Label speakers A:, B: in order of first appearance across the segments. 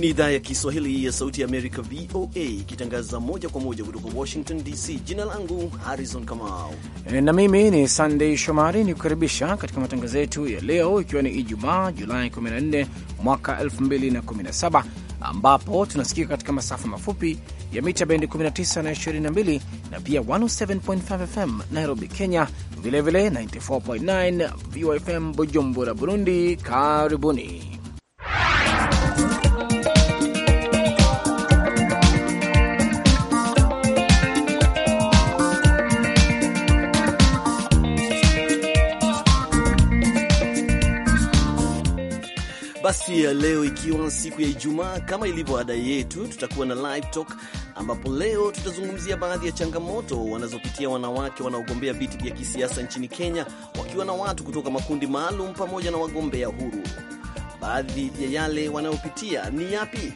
A: Hii ni idhaa ya Kiswahili ya Sauti ya Amerika, VOA, ikitangaza moja kwa moja kutoka Washington DC. Jina langu Harrison Kamau
B: eh, na mimi ni Sandei Shomari ni kukaribisha katika matangazo yetu ya leo, ikiwa ni Ijumaa Julai 14 mwaka 2017 ambapo tunasikika katika masafa mafupi ya mita bendi 19 na 22 na pia 107.5 FM Nairobi, Kenya, vilevile 94.9 VOFM Bujumbura, Burundi. Karibuni.
A: Basi ya leo ikiwa siku ya Ijumaa, kama ilivyo ada yetu, tutakuwa na live talk, ambapo leo tutazungumzia baadhi ya changamoto wanazopitia wanawake wanaogombea viti vya kisiasa nchini Kenya, wakiwa na watu kutoka makundi maalum pamoja na wagombea huru. Baadhi ya yale wanayopitia ni yapi?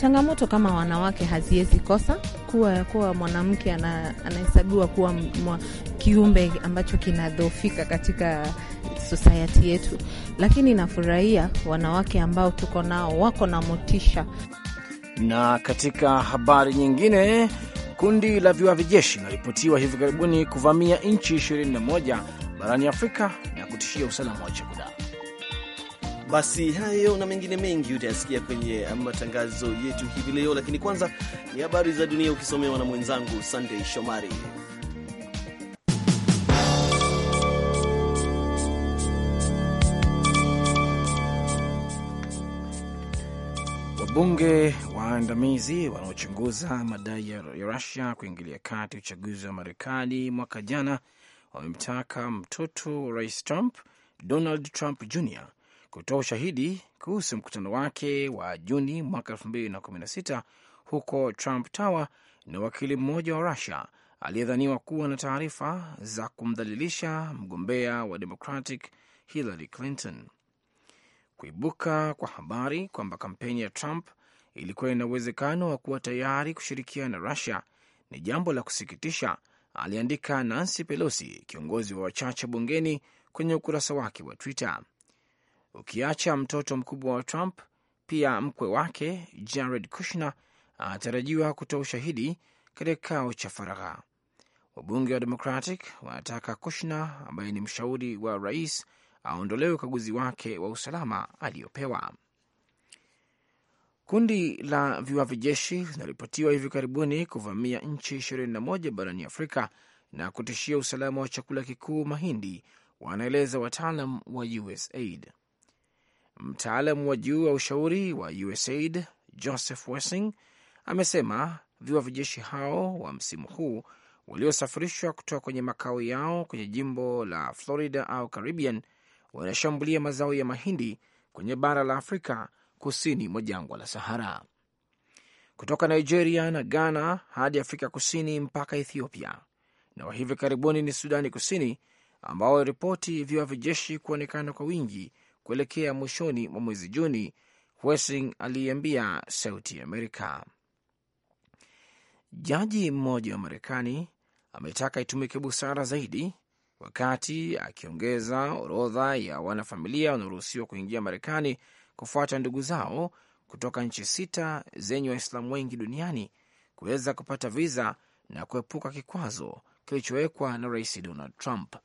C: Changamoto kama wanawake haziwezi kosa kuwa kuwa mwanamke anahesabiwa kuwa mwa kiumbe ambacho kinadhofika katika society yetu, lakini nafurahia wanawake ambao tuko nao wako na motisha.
B: Na katika habari nyingine, kundi la viwavi jeshi inaripotiwa hivi karibuni kuvamia nchi 21 barani Afrika na kutishia usalama wa chakula. Basi hayo na mengine
A: mengi utayasikia kwenye matangazo yetu hivi leo, lakini kwanza ni habari za dunia ukisomewa na mwenzangu sandey Shomari.
B: Wabunge waandamizi wanaochunguza madai ya Rusia kuingilia kati uchaguzi wa Marekani mwaka jana wamemtaka mtoto wa rais Trump, Donald Trump Jr, kutoa ushahidi kuhusu mkutano wake wa Juni mwaka 2016 huko Trump Tower na wakili mmoja wa Rusia aliyedhaniwa kuwa na taarifa za kumdhalilisha mgombea wa Democratic Hillary Clinton. Kuibuka kwa habari kwamba kampeni ya Trump ilikuwa ina uwezekano wa kuwa tayari kushirikiana na Rusia ni jambo la kusikitisha, aliandika Nancy Pelosi, kiongozi wa wachache bungeni, kwenye ukurasa wake wa Twitter. Ukiacha mtoto mkubwa wa Trump, pia mkwe wake Jared Kushner anatarajiwa kutoa ushahidi katika kikao cha faragha. Wabunge wa Democratic wanataka Kushner ambaye ni mshauri wa rais aondolewe ukaguzi wake wa usalama aliyopewa. Kundi la viwavi jeshi linaripotiwa hivi karibuni kuvamia nchi 21 barani Afrika na kutishia usalama wa chakula kikuu mahindi, wanaeleza wataalam wa USAID. Mtaalam wa juu wa ushauri wa USAID Joseph Wessing amesema viwavi jeshi hao wa msimu huu waliosafirishwa kutoka kwenye makao yao kwenye jimbo la Florida au Caribbean wanashambulia mazao ya mahindi kwenye bara la Afrika kusini mwa jangwa la Sahara. Kutoka Nigeria na Ghana hadi Afrika Kusini mpaka Ethiopia na wa hivi karibuni ni Sudani Kusini, ambao ripoti vya vijeshi kuonekana kwa wingi kuelekea mwishoni mwa mwezi Juni. Wessing aliiambia Sauti ya Amerika. Jaji mmoja wa Marekani ametaka itumike busara zaidi wakati akiongeza orodha ya wanafamilia wanaoruhusiwa kuingia Marekani kufuata ndugu zao kutoka nchi sita zenye Waislamu wengi duniani kuweza kupata viza na kuepuka kikwazo kilichowekwa na Rais Donald Trump.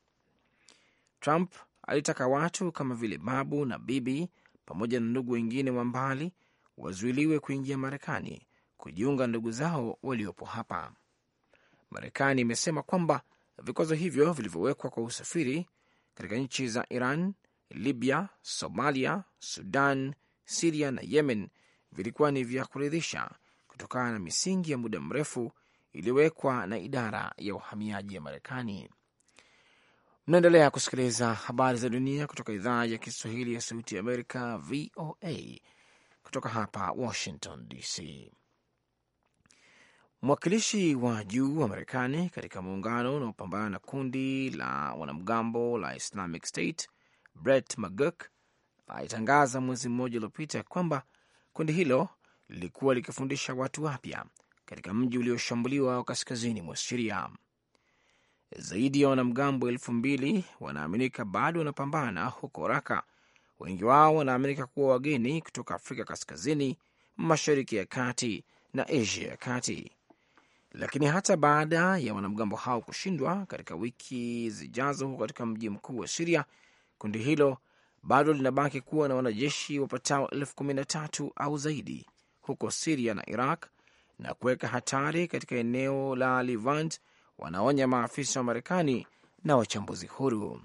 B: Trump alitaka watu kama vile babu na bibi pamoja na ndugu wengine wa mbali wazuiliwe kuingia Marekani kujiunga ndugu zao waliopo hapa. Marekani imesema kwamba Vikwazo hivyo vilivyowekwa kwa usafiri katika nchi za Iran, Libya, Somalia, Sudan, Siria na Yemen vilikuwa ni vya kuridhisha kutokana na misingi ya muda mrefu iliyowekwa na idara ya uhamiaji ya Marekani. Mnaendelea kusikiliza habari za dunia kutoka idhaa ya Kiswahili ya Sauti ya Amerika, VOA, kutoka hapa Washington DC. Mwakilishi wa juu wa Marekani katika muungano unaopambana na kundi la wanamgambo la Islamic State Brett McGurk alitangaza mwezi mmoja uliopita kwamba kundi hilo lilikuwa likifundisha watu wapya katika mji ulioshambuliwa wa kaskazini mwa Siria. Zaidi ya wanamgambo elfu mbili wanaaminika bado wanapambana huko Raka. Wengi wao wanaaminika kuwa wageni kutoka Afrika Kaskazini, Mashariki ya Kati na Asia ya Kati. Lakini hata baada ya wanamgambo hao kushindwa katika wiki zijazo huko katika mji mkuu wa Siria, kundi hilo bado linabaki kuwa na wanajeshi wapatao elfu kumi na tatu au zaidi huko Siria na Iraq na kuweka hatari katika eneo la Levant, wanaonya maafisa wa Marekani na wachambuzi huru.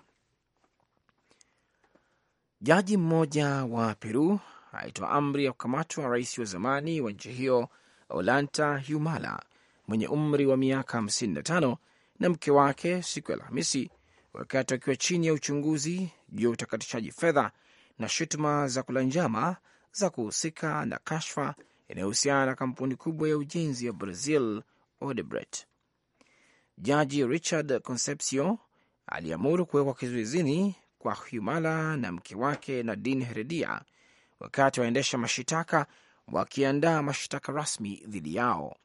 B: Jaji mmoja wa Peru aitoa amri ya kukamatwa rais wa zamani wa nchi hiyo Olanta Humala mwenye umri wa miaka 55 na mke wake siku ya Alhamisi wakati wakiwa chini ya uchunguzi juu ya utakatishaji fedha na shutuma za kula njama za kuhusika na kashfa inayohusiana na kampuni kubwa ya ujenzi ya Brazil Odebrecht. Jaji Richard Concepcio aliamuru kuwekwa kizuizini kwa Humala na mke wake Nadine Heredia wakati waendesha mashitaka wakiandaa mashitaka rasmi dhidi yao.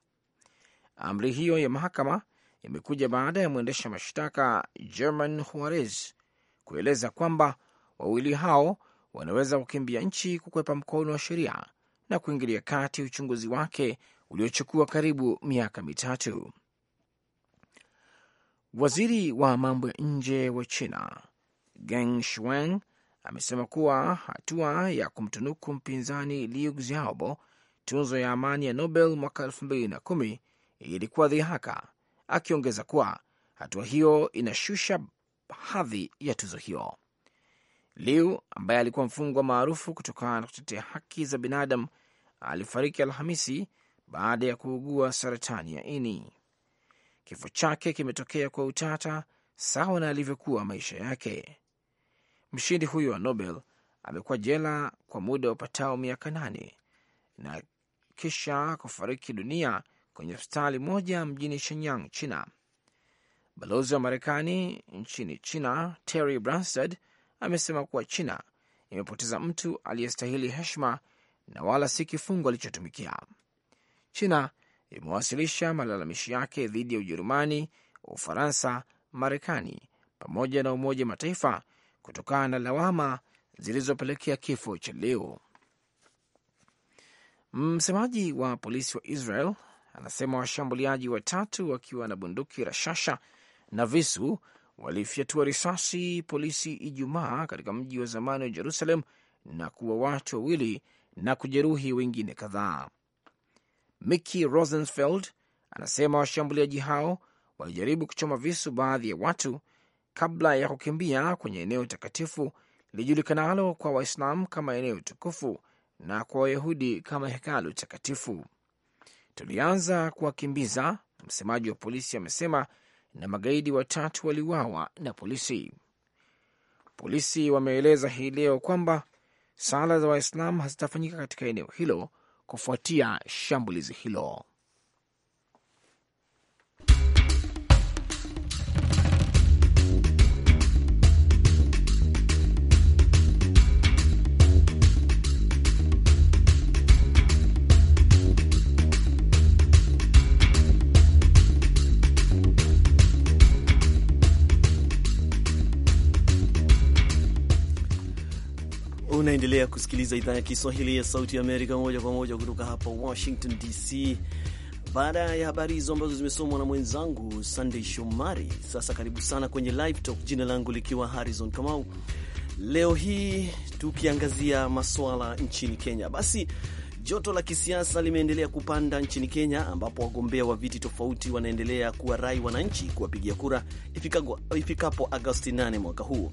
B: Amri hiyo ya mahakama imekuja baada ya mwendesha mashtaka German Juarez kueleza kwamba wawili hao wanaweza kukimbia nchi kukwepa mkono wa sheria na kuingilia kati uchunguzi wake uliochukua karibu miaka mitatu. Waziri wa mambo ya nje wa China Geng Shuang amesema kuwa hatua ya kumtunuku mpinzani Liu Xiaobo tunzo ya amani ya Nobel mwaka elfu mbili na kumi ilikuwa dhihaka, akiongeza kuwa hatua hiyo inashusha hadhi ya tuzo hiyo. Liu ambaye alikuwa mfungwa maarufu kutokana na kutetea haki za binadamu alifariki Alhamisi baada ya kuugua saratani ya ini. Kifo chake kimetokea kwa utata, sawa na alivyokuwa maisha yake. Mshindi huyo wa Nobel amekuwa jela kwa muda wa upatao miaka nane na kisha kufariki dunia kwenye hospitali moja mjini Shenyang, China. Balozi wa Marekani nchini China Terry Branstad amesema kuwa China imepoteza mtu aliyestahili heshima na wala si kifungo alichotumikia. China imewasilisha malalamishi yake dhidi ya Ujerumani, Ufaransa, Marekani pamoja na Umoja Mataifa kutokana na lawama zilizopelekea kifo cha leo. Msemaji wa polisi wa Israel anasema washambuliaji watatu wakiwa na bunduki rashasha na visu walifyatua risasi polisi Ijumaa katika mji wa zamani wa Jerusalem na kuwa watu wawili na kujeruhi wengine kadhaa. Mickey Rosenfeld anasema washambuliaji hao walijaribu kuchoma visu baadhi ya watu kabla ya kukimbia kwenye eneo takatifu lilijulikanalo kwa Waislamu kama eneo tukufu na kwa Wayahudi kama hekalu takatifu tulianza kuwakimbiza, msemaji wa polisi amesema, na magaidi watatu waliuawa na polisi. Polisi wameeleza hii leo kwamba sala za Waislamu hazitafanyika katika eneo hilo kufuatia shambulizi hilo.
A: Unaendelea kusikiliza idhaa ya Kiswahili ya Sauti ya Amerika moja kwa moja kutoka hapa Washington DC. Baada ya habari hizo ambazo zimesomwa na mwenzangu Sandey Shomari, sasa karibu sana kwenye Live Talk, jina langu likiwa Harrison Kamau. Leo hii tukiangazia maswala nchini Kenya. Basi Joto la kisiasa limeendelea kupanda nchini Kenya, ambapo wagombea wa viti tofauti wanaendelea kuwarai wananchi kuwapigia kura ifikapo Agosti 8 mwaka huu.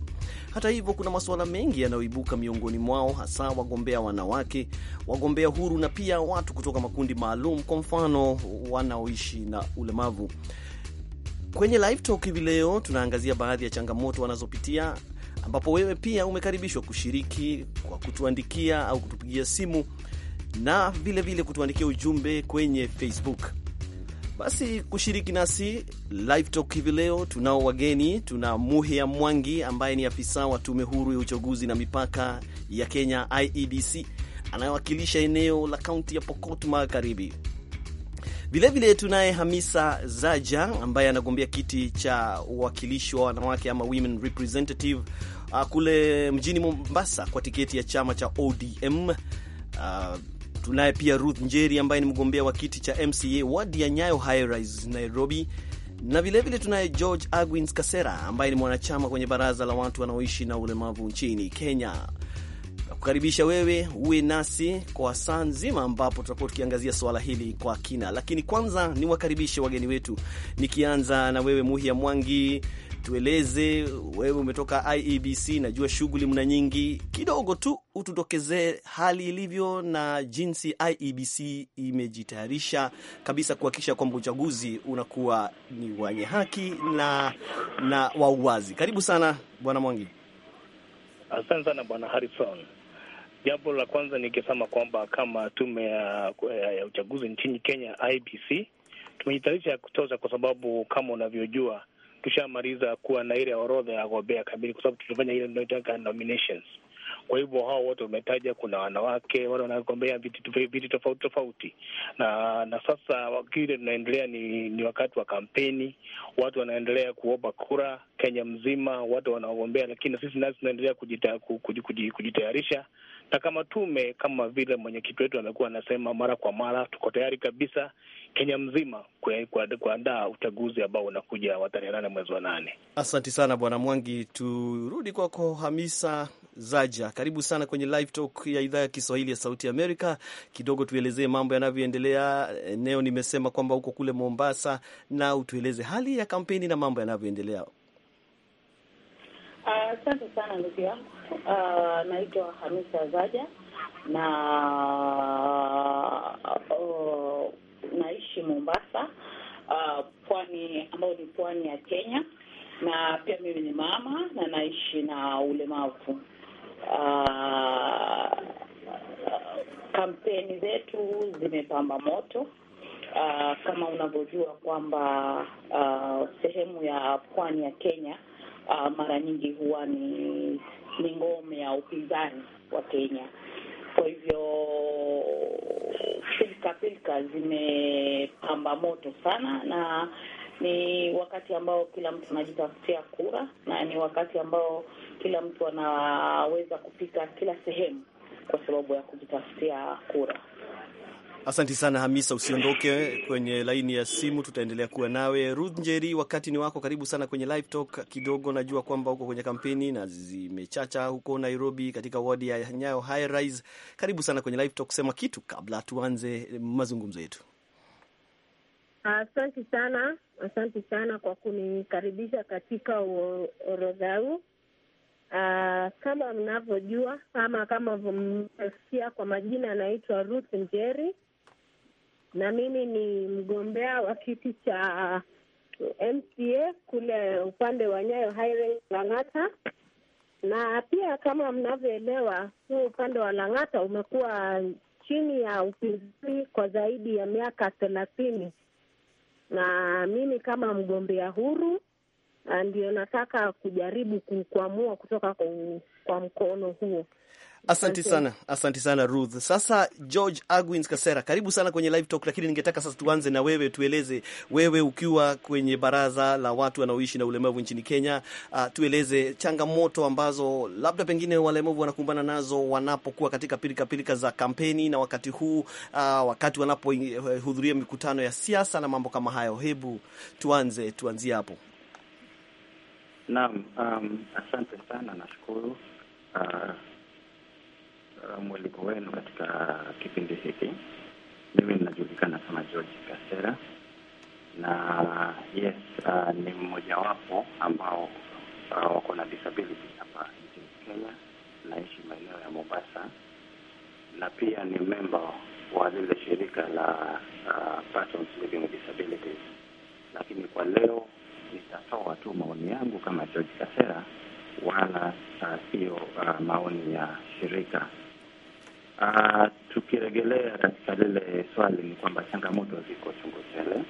A: Hata hivyo, kuna masuala mengi yanayoibuka miongoni mwao, hasa wagombea wanawake, wagombea huru na pia watu kutoka makundi maalum, kwa mfano wanaoishi na ulemavu. Kwenye live talk hivi leo tunaangazia baadhi ya changamoto wanazopitia ambapo wewe pia umekaribishwa kushiriki kwa kutuandikia au kutupigia simu na vilevile kutuandikia ujumbe kwenye Facebook. Basi kushiriki nasi live talk hivi leo, tunao wageni. Tuna Muhia Mwangi ambaye ni afisa wa tume huru ya uchaguzi na mipaka ya Kenya, IEBC, anayewakilisha eneo la kaunti ya Pokot Magharibi. Vilevile tunaye Hamisa Zaja ambaye anagombea kiti cha uwakilishi wa wanawake ama women representative uh, kule mjini Mombasa kwa tiketi ya chama cha ODM. Uh, Tunaye pia Ruth Njeri ambaye ni mgombea wa kiti cha MCA wadi ya Nyayo Highrise Nairobi, na vilevile tunaye George Agwins Kasera ambaye ni mwanachama kwenye baraza la watu wanaoishi na ulemavu nchini Kenya. Kukaribisha wewe uwe nasi kwa saa nzima, ambapo tutakuwa tukiangazia suala hili kwa kina. Lakini kwanza ni wakaribishe wageni wetu, nikianza na wewe Muhia Mwangi, tueleze, wewe umetoka IEBC, najua shughuli mna nyingi, kidogo tu utudokezee hali ilivyo na jinsi IEBC imejitayarisha kabisa kuhakikisha kwamba uchaguzi unakuwa ni wenye haki na, na wa uwazi. Karibu sana Bwana Mwangi.
D: Asante sana Bwana Harrison. Jambo la kwanza nikisema kwamba kama tume ya, ya uchaguzi nchini Kenya IBC e tumejitayarisha ya kutosha, kwa sababu kama unavyojua tushamaliza kuwa na ile orodha ya wagombea kamili, kwa sababu tulifanya ile tunaitaka nominations. Kwa hivyo hao wote umetaja, kuna wanawake wale wanagombea viti tofauti tofauti, na na sasa kile tunaendelea ni, ni wakati wa kampeni, watu wanaendelea kuomba kura Kenya mzima, watu wanaogombea, lakini sisi nasi tunaendelea kujitayarisha na kama tume, kama vile mwenyekiti wetu amekuwa anasema mara kwa mara, tuko tayari kabisa Kenya mzima kuandaa uchaguzi ambao unakuja wa tarehe nane mwezi wa nane.
A: Asante sana Bwana Mwangi. Turudi kwako Hamisa Zaja, karibu sana kwenye Live Talk ya idhaa ya Kiswahili ya Sauti Amerika. Kidogo tuelezee mambo yanavyoendelea eneo. Nimesema kwamba uko kule Mombasa, na utueleze hali ya kampeni na mambo yanavyoendelea
D: Asante
E: uh, sana ndugu yangu uh, naitwa Hamisa Zaja na uh, naishi Mombasa uh, pwani ambayo ni pwani ya Kenya, na pia mimi ni mama na naishi na ulemavu uh, kampeni zetu zimepamba moto. Uh, kama unavyojua kwamba uh, sehemu ya pwani ya Kenya uh, mara nyingi huwa ni ni ngome ya upinzani wa Kenya. Kwa hivyo pilika pilika zimepamba moto sana, na ni wakati ambao kila mtu anajitafutia kura na ni wakati ambao kila mtu anaweza kupika kila sehemu kwa sababu ya kujitafutia
A: kura. Asanti sana Hamisa, usiondoke kwenye laini ya simu, tutaendelea kuwa nawe. Ruth Njeri, wakati ni wako, karibu sana kwenye live talk. Kidogo najua kwamba uko kwenye kampeni na zimechacha huko Nairobi, katika wadi ya Nyayo High Rise. Karibu sana kwenye live talk, sema kitu kabla tuanze mazungumzo yetu.
C: asanti sana, asanti sana kwa kunikaribisha katika orodha huu. Uh, ah, kama mnavyojua ama kama mmesikia kwa majina, anaitwa Ruth Njeri na mimi ni mgombea wa kiti cha MCA kule upande wa Nyayo Lang'ata, na pia kama mnavyoelewa, huu upande wa Lang'ata umekuwa chini ya upinzani kwa zaidi ya miaka thelathini, na mimi kama mgombea huru Ah, ndio nataka kujaribu kukwamua kutoka kwa mkono huo.
A: Asanti sana, asanti sana Ruth. Sasa George Agwins Kasera, karibu sana kwenye Live Talk, lakini ningetaka sasa tuanze na wewe, tueleze wewe, ukiwa kwenye baraza la watu wanaoishi na ulemavu nchini Kenya, uh, tueleze changamoto ambazo labda pengine walemavu wanakumbana nazo wanapokuwa katika pilika pilika za kampeni na wakati huu, uh, wakati wanapohudhuria mikutano ya siasa na mambo kama hayo. Hebu tuanze, tuanzie hapo. Naam, um, asante sana,
F: nashukuru uh, uh, mwaliko wenu katika kipindi hiki. Mimi ninajulikana kama George Kasera na yes, uh, ni mmojawapo ambao uh, wako na disability hapa nchini Kenya. Naishi maeneo ya Mombasa na pia ni memba wa lile shirika la uh, persons living with disabilities, lakini kwa leo nitatoa tu maoni yangu kama George Kasera, wala ah, sio uh, uh, maoni ya shirika uh, tukiregelea katika lile swali, ni kwamba changamoto ziko chungu tele.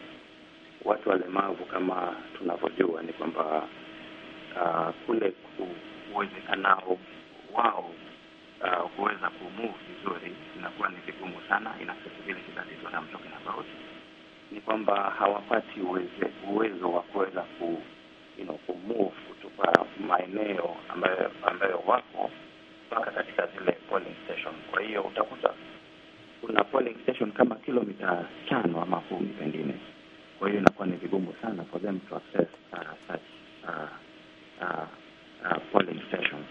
F: Watu walemavu kama tunavyojua ni kwamba uh, kule uwezekanao wao uh, kuweza kumove vizuri inakuwa ni vigumu sana, inasubiri kizazi na mtoke na ni kwamba hawapati uweze, uwezo wa kuweza ku you know, kumove kutoka maeneo ambayo ambayo wako mpaka katika zile polling station. Kwa hiyo utakuta kuna polling station kama kilomita tano ama kumi pengine, kwa hiyo inakuwa ni vigumu sana for them to access uh, such uh, uh, uh, polling station.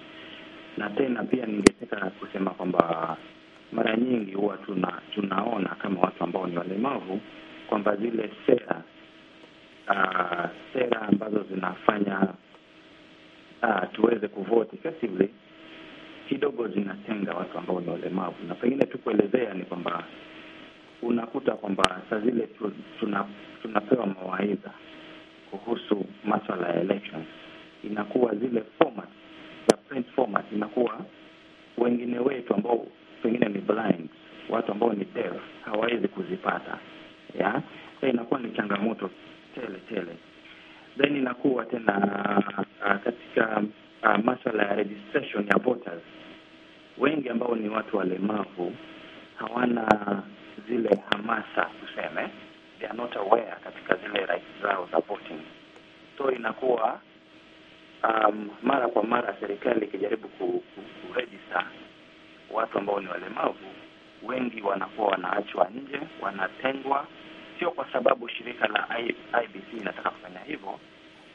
F: Na tena pia ningetaka kusema kwamba mara nyingi huwa tuna, tunaona kama watu ambao ni walemavu kwamba zile sera uh, sera ambazo zinafanya uh, tuweze kuvote effectively kidogo zinatenga watu ambao ni walemavu, na pengine tu kuelezea ni kwamba unakuta kwamba saa zile tu, tuna, tunapewa mawaidha kuhusu maswala ya election, inakuwa zile format za print format, inakuwa wengine wetu ambao pengine ni blind, watu ambao ni deaf hawawezi kuzipata ya inakuwa ni changamoto tele tele, then inakuwa tena uh, katika uh, ah, masuala ya registration ya voters, wengi ambao ni watu walemavu hawana zile hamasa tuseme, they are not aware katika zile rights zao za voting, so inakuwa um, mara kwa mara serikali ikijaribu ku, ku, register watu ambao ni walemavu, wengi wanakuwa wanaachwa nje, wanatengwa sio kwa sababu shirika la IBC linataka kufanya hivyo,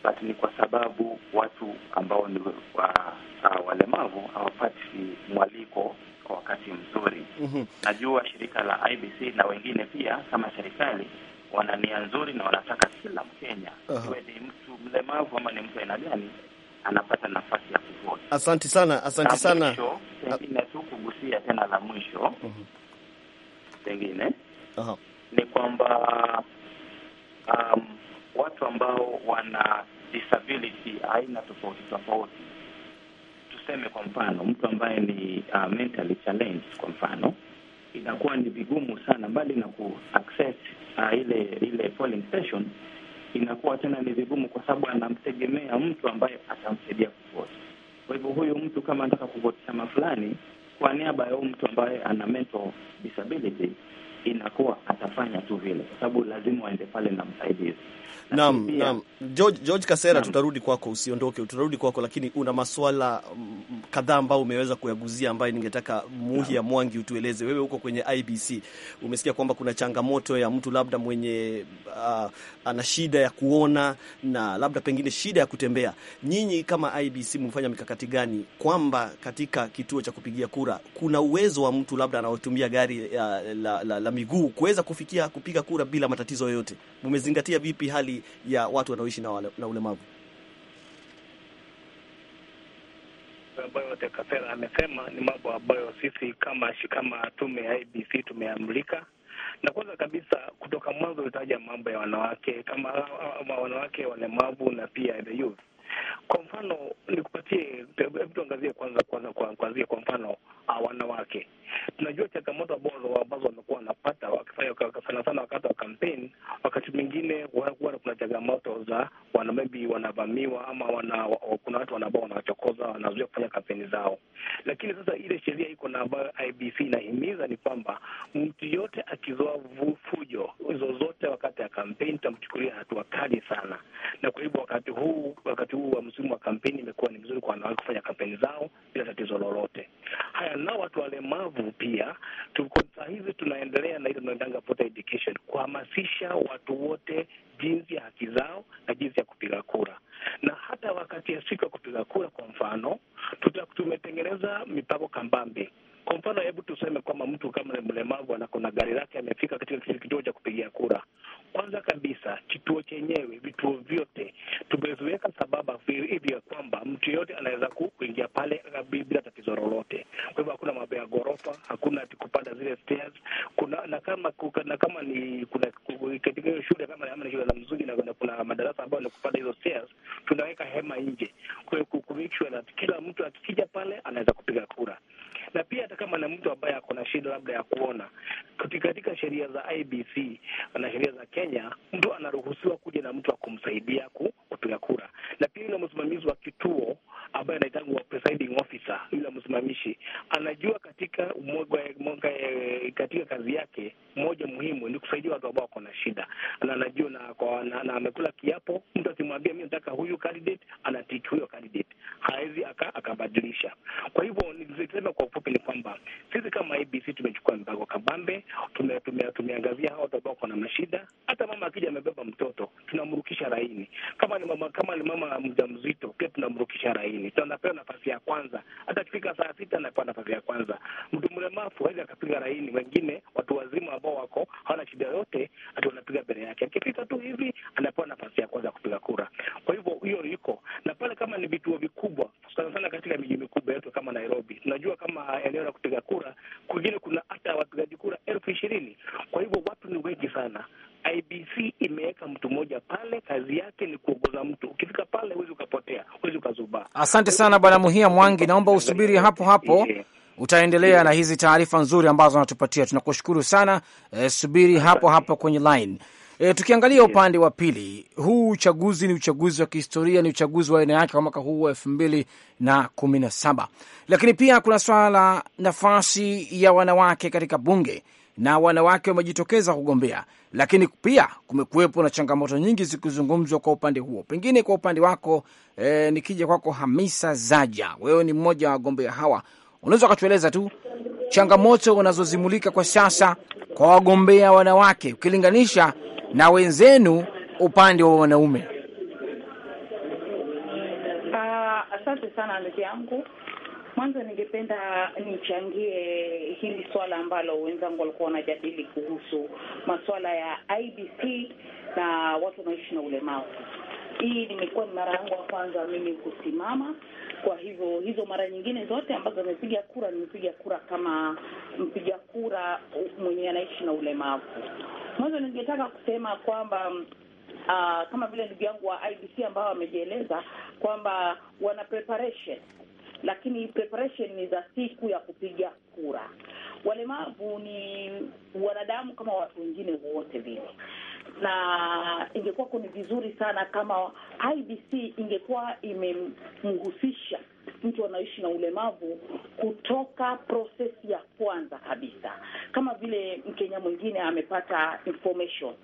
F: but ni kwa sababu watu ambao ni wa, uh, walemavu hawapati mwaliko kwa wakati mzuri. mm -hmm. Najua shirika la IBC na wengine pia kama serikali wana nia nzuri na wanataka kila Mkenya uh -huh. ni mtu mlemavu ama ni mtu aina gani anapata nafasi ya kuvota.
A: Asante sana, asante sana.
F: Pengine tu kugusia tena la mwisho, mhm. pengine uh -huh ni kwamba um, watu ambao wana disability aina tofauti tofauti, tuseme kwa mfano mtu ambaye ni uh, mentally challenged kwa mfano, inakuwa ni vigumu sana, mbali na kuaccess uh, ile ile polling station, inakuwa tena ni vigumu kwa sababu anamtegemea mtu ambaye atamsaidia kuvoti Kwa hivyo huyu mtu kama anataka kuvote chama fulani kwa niaba ya huyu mtu ambaye ana mental
A: disability inakuwa atafanya tu vile, kwa sababu lazima waende pale na msaidizi. Naam, naam. George, George Kasera, tutarudi kwako, usiondoke, tutarudi kwako, lakini una maswala mm, kadhaa ambayo umeweza kuyaguzia ambayo ningetaka Muhia Mwangi utueleze. Wewe huko kwenye IBC umesikia kwamba kuna changamoto ya mtu labda mwenye uh, ana shida ya kuona na labda pengine shida ya kutembea. Nyinyi kama IBC mfanya mikakati gani kwamba katika kituo cha kupigia kura kuna uwezo wa mtu labda anaotumia gari uh, la, la, la miguu kuweza kufikia kupiga kura bila matatizo yoyote. Mumezingatia vipi hali ya watu wanaoishi na, na ulemavu?
D: ambayo Tekafera amesema ni mambo ambayo sisi kama kama tume ya IBC tumeamrika na kwanza kabisa kutoka mwanzo ulitaja mambo ya wanawake kama wanawake walemavu na pia the youth kwa mfano nikupatie, hebu tuangazie kwanza kwanza kuanzia kwa mfano ah, wanawake. Tunajua changamoto ambazo wamekuwa wanapata wakifanya sana sana wakati wa kampeni. Wakati mwingine huwa kuna changamoto za wana maybe wanavamiwa ama wana, kuna watu ambao wanawachokoza wanazuia kufanya kampeni zao, lakini sasa ile sheria iko na ambayo IBC inahimiza ni kwamba mtu yote akizoa fujo zozote wakati ya kampeni tutamchukulia hatua kali sana, na kwa hivyo wakati huu kama ni vituo vikubwa sana sana katika miji mikubwa yetu kama Nairobi, tunajua kama eneo la kupiga kura kwingine kuna hata wapigaji kura elfu
B: ishirini. Kwa hivyo watu ni wengi sana.
D: IBC imeweka mtu mmoja pale, kazi yake ni kuongoza mtu. Ukifika pale huwezi ukapotea, huwezi ukazubaa.
B: Asante sana Bwana Muhia Mwangi, naomba usubiri hapo hapo, utaendelea na hizi taarifa nzuri ambazo anatupatia. Tunakushukuru sana eh, subiri hapo hapo kwenye line. E, tukiangalia upande wa pili, huu uchaguzi ni uchaguzi wa kihistoria, ni uchaguzi wa aina yake kwa mwaka huu wa elfu mbili na kumi na saba, lakini pia kuna swala la nafasi ya wanawake katika bunge na wanawake wamejitokeza kugombea, lakini pia kumekuwepo na changamoto nyingi zikizungumzwa kwa upande huo. Pengine kwa upande wako e, nikija kwako Hamisa Zaja, wewe ni mmoja wa wagombea hawa, unaweza ukatueleza tu changamoto unazozimulika kwa sasa kwa wagombea wanawake ukilinganisha na wenzenu upande wa wanaume?
E: Uh, asante sana ndugu yangu. Mwanzo ningependa nichangie hili swala ambalo wenzangu walikuwa wanajadili kuhusu masuala ya IBC na watu wanaishi na ulemavu. Hii nimekuwa ni mara yangu ya kwanza mimi kusimama, kwa hivyo hizo mara nyingine zote ambazo nimepiga kura nimepiga kura kama mpiga kura mwenye anaishi na ulemavu. Mwanzo ningetaka kusema kwamba uh, kama vile ndugu yangu wa IBC ambao wamejieleza kwamba wana preparation, lakini preparation ni za siku ya kupiga kura. Walemavu ni wanadamu kama watu wengine wote vile, na ingekuwa ni vizuri sana kama IBC ingekuwa imemhusisha mtu anaishi na ulemavu kutoka proses ya kwanza kabisa, kama vile Mkenya mwingine amepata information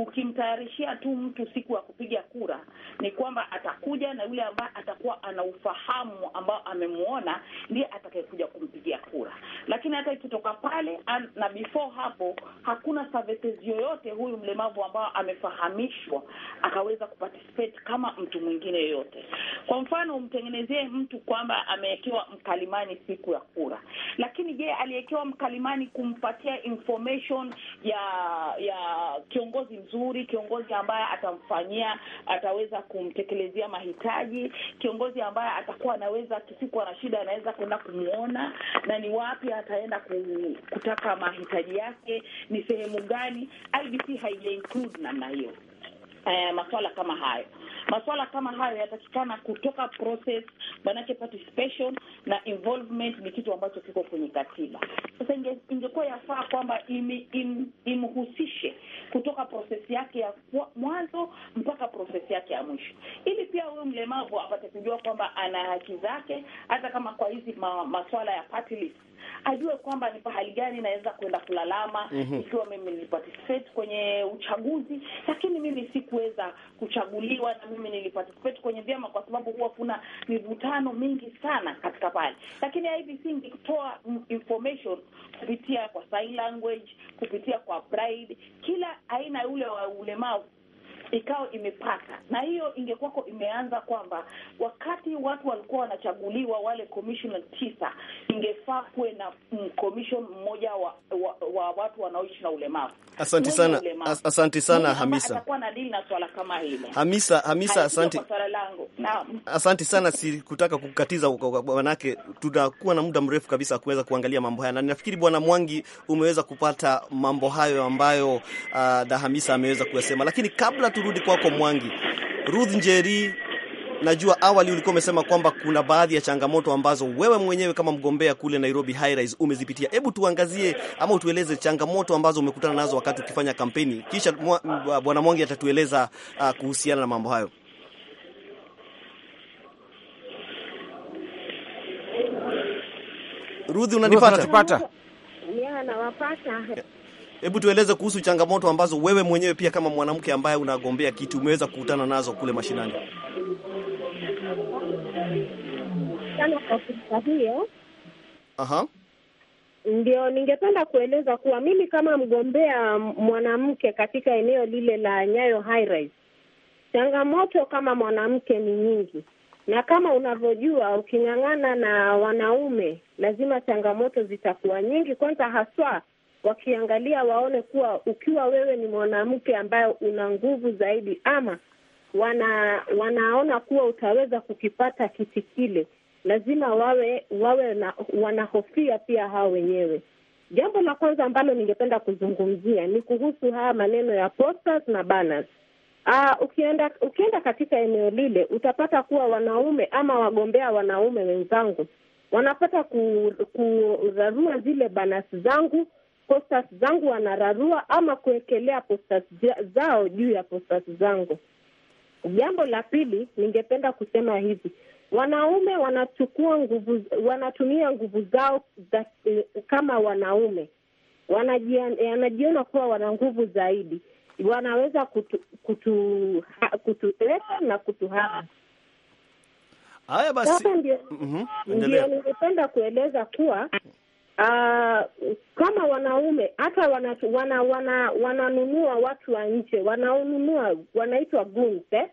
E: ukimtayarishia tu mtu siku ya kupiga kura, ni kwamba atakuja na yule ambaye atakuwa ana ufahamu ambao amemwona ndiye atakayekuja kumpigia kura. Lakini hata ikitoka pale an, na before hapo hakuna services yoyote huyu mlemavu ambao amefahamishwa akaweza kuparticipate kama mtu mwingine yoyote. Kwa mfano, umtengenezee mtu kwamba amewekewa mkalimani siku ya kura, lakini je, aliyewekewa mkalimani kumpatia information ya ya kiongozi mzuri, kiongozi ambaye atamfanyia, ataweza kumtekelezea mahitaji, kiongozi ambaye atakuwa anaweza kisiku ana shida anaweza kwenda kumwona na ni wapi ataenda kutaka mahitaji yake, ni sehemu gani. IBC haija include namna hiyo, eh, masuala kama hayo Maswala kama hayo yatakikana kutoka process, manake participation na involvement ni kitu ambacho kiko kwenye katiba. Sasa inge, ingekuwa yafaa kwamba im, im, imhusishe kutoka process yake ya mwanzo mpaka process yake ya mwisho, ili pia huyu mlemavu apate kujua kwamba ana haki zake, hata kama kwa hizi ma, maswala ya party list ajue kwamba ni pahali gani naweza kwenda kulalama mm -hmm. Ikiwa mimi niliparticipate kwenye uchaguzi, lakini mimi sikuweza kuchaguliwa na mimi niliparticipate kwenye vyama, kwa sababu huwa kuna mivutano mingi sana katika pale, lakini ibc ingetoa information kupitia kwa sign language, kupitia kwa pride, kila aina yule wa ulemavu ikawa imepata na hiyo ingekuwako imeanza kwamba wakati watu walikuwa wanachaguliwa wale commissioner tisa, ingefaa kuwe na mm, commission mmoja wa, wa, wa watu wanaoishi na ulemavu. Asanti sana, asanti sana Hamisa, Hamisa, Hamisa, asanti, asanti
A: sana. Sikutaka kukatiza manake tutakuwa na muda mrefu kabisa kuweza kuangalia mambo haya, na ninafikiri Bwana Mwangi umeweza kupata mambo hayo ambayo uh, ah, Dahamisa Hamisa ameweza kuyasema, lakini kabla turudi kwako Mwangi, Ruth Njeri, najua awali ulikuwa umesema kwamba kuna baadhi ya changamoto ambazo wewe mwenyewe kama mgombea kule Nairobi High Rise umezipitia. Hebu tuangazie ama utueleze changamoto ambazo umekutana nazo wakati ukifanya kampeni, kisha bwana Mwangi atatueleza uh, kuhusiana na mambo hayo. Ruth, unanipata?
C: Nawapata.
A: Hebu tueleze kuhusu changamoto ambazo wewe mwenyewe pia kama mwanamke ambaye unagombea kitu umeweza kukutana nazo kule mashinani. hiyo. Aha.
C: Ndio, ningependa kueleza kuwa mimi kama mgombea mwanamke katika eneo lile la Nyayo High Rise, changamoto kama mwanamke ni nyingi, na kama unavyojua, uking'ang'ana na wanaume lazima changamoto zitakuwa nyingi, kwanza haswa wakiangalia waone kuwa ukiwa wewe ni mwanamke ambaye una nguvu zaidi, ama wana, wanaona kuwa utaweza kukipata kiti kile, lazima wawe wawe na, wanahofia pia hao wenyewe. Jambo la kwanza ambalo ningependa kuzungumzia ni kuhusu haya maneno ya posters na banners. Aa, ah, ukienda ukienda katika eneo lile utapata kuwa wanaume ama wagombea wanaume wenzangu wanapata kurarua zile banners zangu posters zangu wanararua ama kuwekelea posters zao juu ya posters zangu. Jambo la pili, ningependa kusema hivi, wanaume wanachukua nguvu, wanatumia nguvu zao za, kama wanaume wanajiona kuwa wana nguvu zaidi, wanaweza kutu, kutu, kutuleta na kutuhaa
A: haya basi. ndio mm-hmm.
C: ningependa kueleza kuwa Uh, kama wanaume hata wananunua wana, wana, wana watu wa nje wanaonunua, wanaitwa guns eh?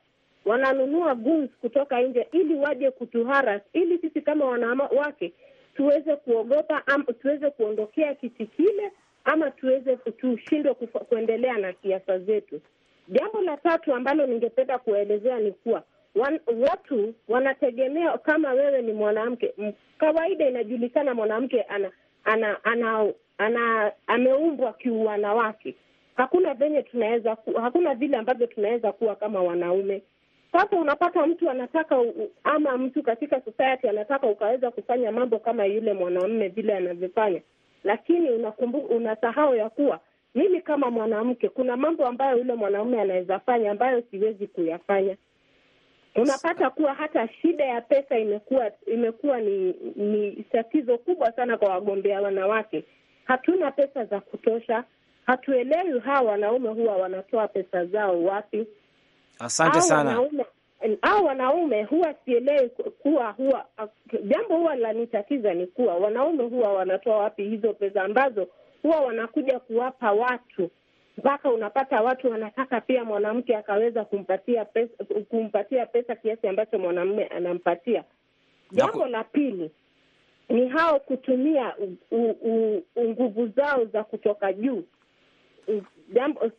C: Wananunua guns kutoka nje ili waje kutuharas, ili sisi kama wanawake tuweze kuogopa am, tuweze kuondokea kiti kile ama tuweze tushindwe kuendelea na siasa zetu. Jambo la tatu ambalo ningependa kuwaelezea ni kuwa wan, watu wanategemea kama wewe ni mwanamke. Kawaida inajulikana mwanamke ana ana, ana, ana ameumbwa kiuwanawake. Hakuna venye tunaweza ku, hakuna vile ambavyo tunaweza kuwa kama wanaume. Sasa unapata mtu anataka ama mtu katika society anataka ukaweza kufanya mambo kama yule mwanaume vile anavyofanya, lakini una unasahau ya kuwa mimi kama mwanamke kuna mambo ambayo yule mwanaume anaweza fanya ambayo siwezi kuyafanya unapata kuwa hata shida ya pesa imekuwa imekuwa ni ni tatizo kubwa sana kwa wagombea wanawake. Hatuna pesa za kutosha, hatuelewi hawa wanaume huwa wanatoa pesa zao wapi.
B: Asante au sana wanaume,
C: wanaume huwa sielewi kuwa huwa jambo huwa lanitatiza ni kuwa wanaume huwa wanatoa wapi hizo pesa ambazo huwa wanakuja kuwapa watu mpaka unapata watu wanataka pia mwanamke akaweza kumpatia pesa, kumpatia pesa kiasi ambacho mwanamume anampatia. Jambo la pili ni hao kutumia nguvu zao za kutoka juu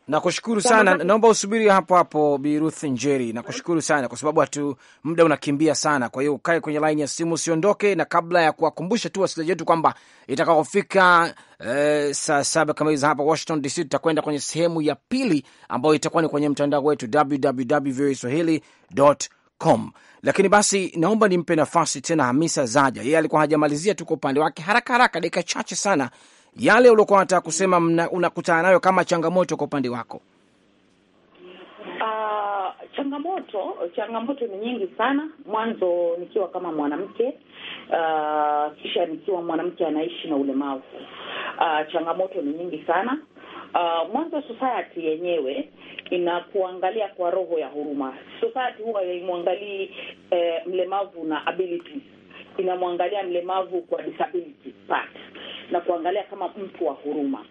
B: na kushukuru sana, naomba usubiri hapo hapo, Bi Ruth Njeri. na kushukuru sana kwa sababu hatu muda unakimbia sana, kwa hiyo ukae kwenye laini ya simu usiondoke. Na kabla ya kuwakumbusha tu wasikilizaji wetu kwamba itakapofika eh, saa saba kamili za hapa Washington DC, tutakwenda kwenye sehemu ya pili ambayo itakuwa ni kwenye mtandao wetu www.voaswahili.com. Lakini basi naomba nimpe nafasi tena Hamisa Zaja, yeye alikuwa hajamalizia tu kwa upande wake haraka haraka, dakika chache sana yale uliokuwa unataka kusema unakutana nayo kama changamoto kwa upande wako?
E: Uh, changamoto changamoto ni nyingi sana. Mwanzo nikiwa kama mwanamke uh, kisha nikiwa mwanamke anaishi na ulemavu uh, changamoto ni nyingi sana. Uh, mwanzo society yenyewe inakuangalia kwa roho ya huruma. Society huwa haimwangalii eh, mlemavu na abilities inamwangalia mlemavu kwa disability part na kuangalia kama mtu wa huruma.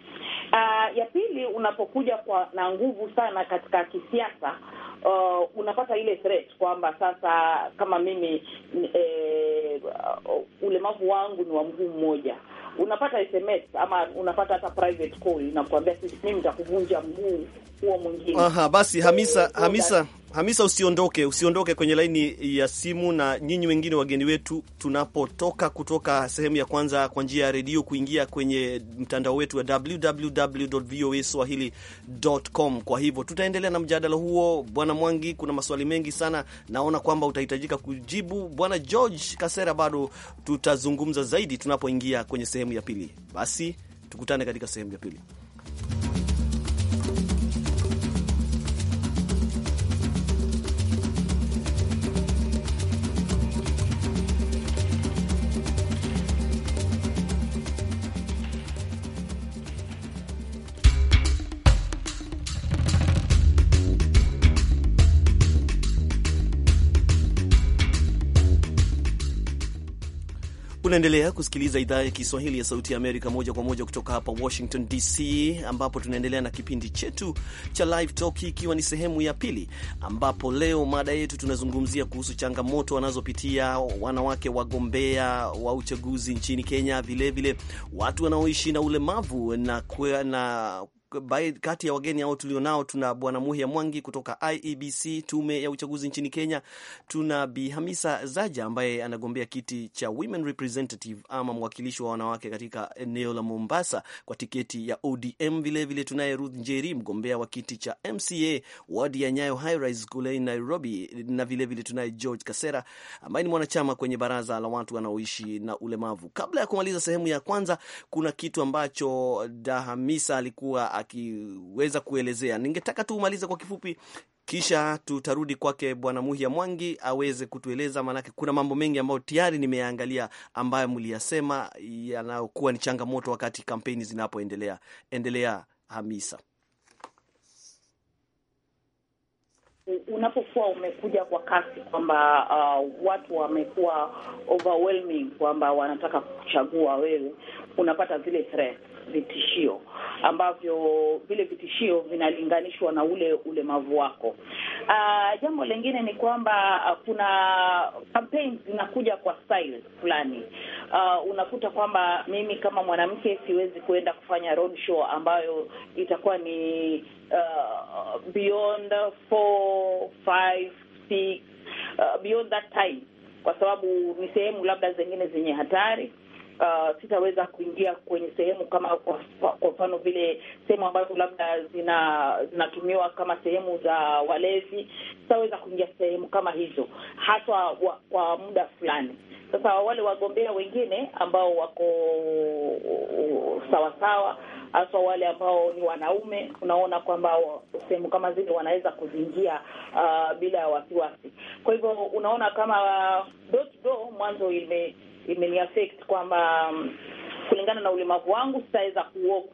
E: Uh, ya pili, unapokuja kwa na nguvu sana katika kisiasa uh, unapata ile threat kwamba sasa kama mimi eh, ulemavu wangu ni wa mguu mmoja, unapata SMS ama unapata hata private call inakuambia, mimi nitakuvunja mguu huo mwingine. Aha,
A: basi Hamisa, Hamisa, Hamisa, usiondoke, usiondoke kwenye laini ya simu, na nyinyi wengine wageni wetu, tunapotoka kutoka sehemu ya kwanza kwa njia ya redio kuingia kwenye mtandao wetu wa www.voaswahili.com. Kwa hivyo tutaendelea na mjadala huo. Bwana Mwangi, kuna maswali mengi sana, naona kwamba utahitajika kujibu. Bwana George Kasera, bado tutazungumza zaidi tunapoingia kwenye sehemu ya pili. Basi tukutane katika sehemu ya pili. Unaendelea kusikiliza idhaa ya Kiswahili ya Sauti ya Amerika moja kwa moja kutoka hapa Washington DC, ambapo tunaendelea na kipindi chetu cha Live Talk, ikiwa ni sehemu ya pili, ambapo leo mada yetu tunazungumzia kuhusu changamoto wanazopitia wanawake wagombea wa uchaguzi nchini Kenya, vilevile vile, watu wanaoishi na ulemavu na, na kati ya wageni hao tulionao tuna Bwana Muhia Mwangi kutoka IEBC, tume ya uchaguzi nchini Kenya. Tuna Bi Hamisa Zaja ambaye anagombea kiti cha women representative ama mwakilishi wa wanawake katika eneo la Mombasa kwa tiketi ya ODM. Vilevile tunaye Ruth Njeri, mgombea wa kiti cha MCA wadi ya Nyayo Highrise kule Nairobi, na vilevile tunaye George Kasera ambaye ni mwanachama kwenye baraza la watu wanaoishi na ulemavu. Kabla ya kumaliza sehemu ya kwanza, kuna kitu ambacho Dahamisa alikuwa akiweza kuelezea. Ningetaka tu umalize kwa kifupi, kisha tutarudi kwake Bwana Muhia Mwangi aweze kutueleza, maanake kuna mambo mengi ambayo tayari nimeyaangalia ambayo mliyasema yanayokuwa ni changamoto wakati kampeni zinapoendelea. Endelea Hamisa.
E: Unapokuwa umekuja kwa kasi kwamba uh, watu wamekuwa overwhelming kwamba wanataka kuchagua wewe, unapata zile threat, vitishio ambavyo vile vitishio vinalinganishwa na ule ulemavu wako. Uh, jambo lingine ni kwamba uh, kuna campaigns zinakuja kwa style fulani. Uh, unakuta kwamba mimi kama mwanamke siwezi kuenda kufanya road show ambayo itakuwa ni uh, beyond four, five, uh, beyond that time, kwa sababu ni sehemu labda zingine zenye hatari uh, sitaweza kuingia kwenye sehemu kama kwa mfano vile sehemu ambazo labda zina zinatumiwa kama sehemu za walezi, sitaweza kuingia sehemu kama hizo haswa kwa muda fulani. Sasa wale wagombea wengine ambao wako sawasawa, haswa wale ambao ni wanaume, unaona kwamba sehemu kama zile wanaweza kuziingia uh, bila ya wasiwasi. Kwa hivyo unaona kama uh, door to door mwanzo ime imeniaffect kwamba um, kulingana na ulemavu wangu sitaweza kuwalk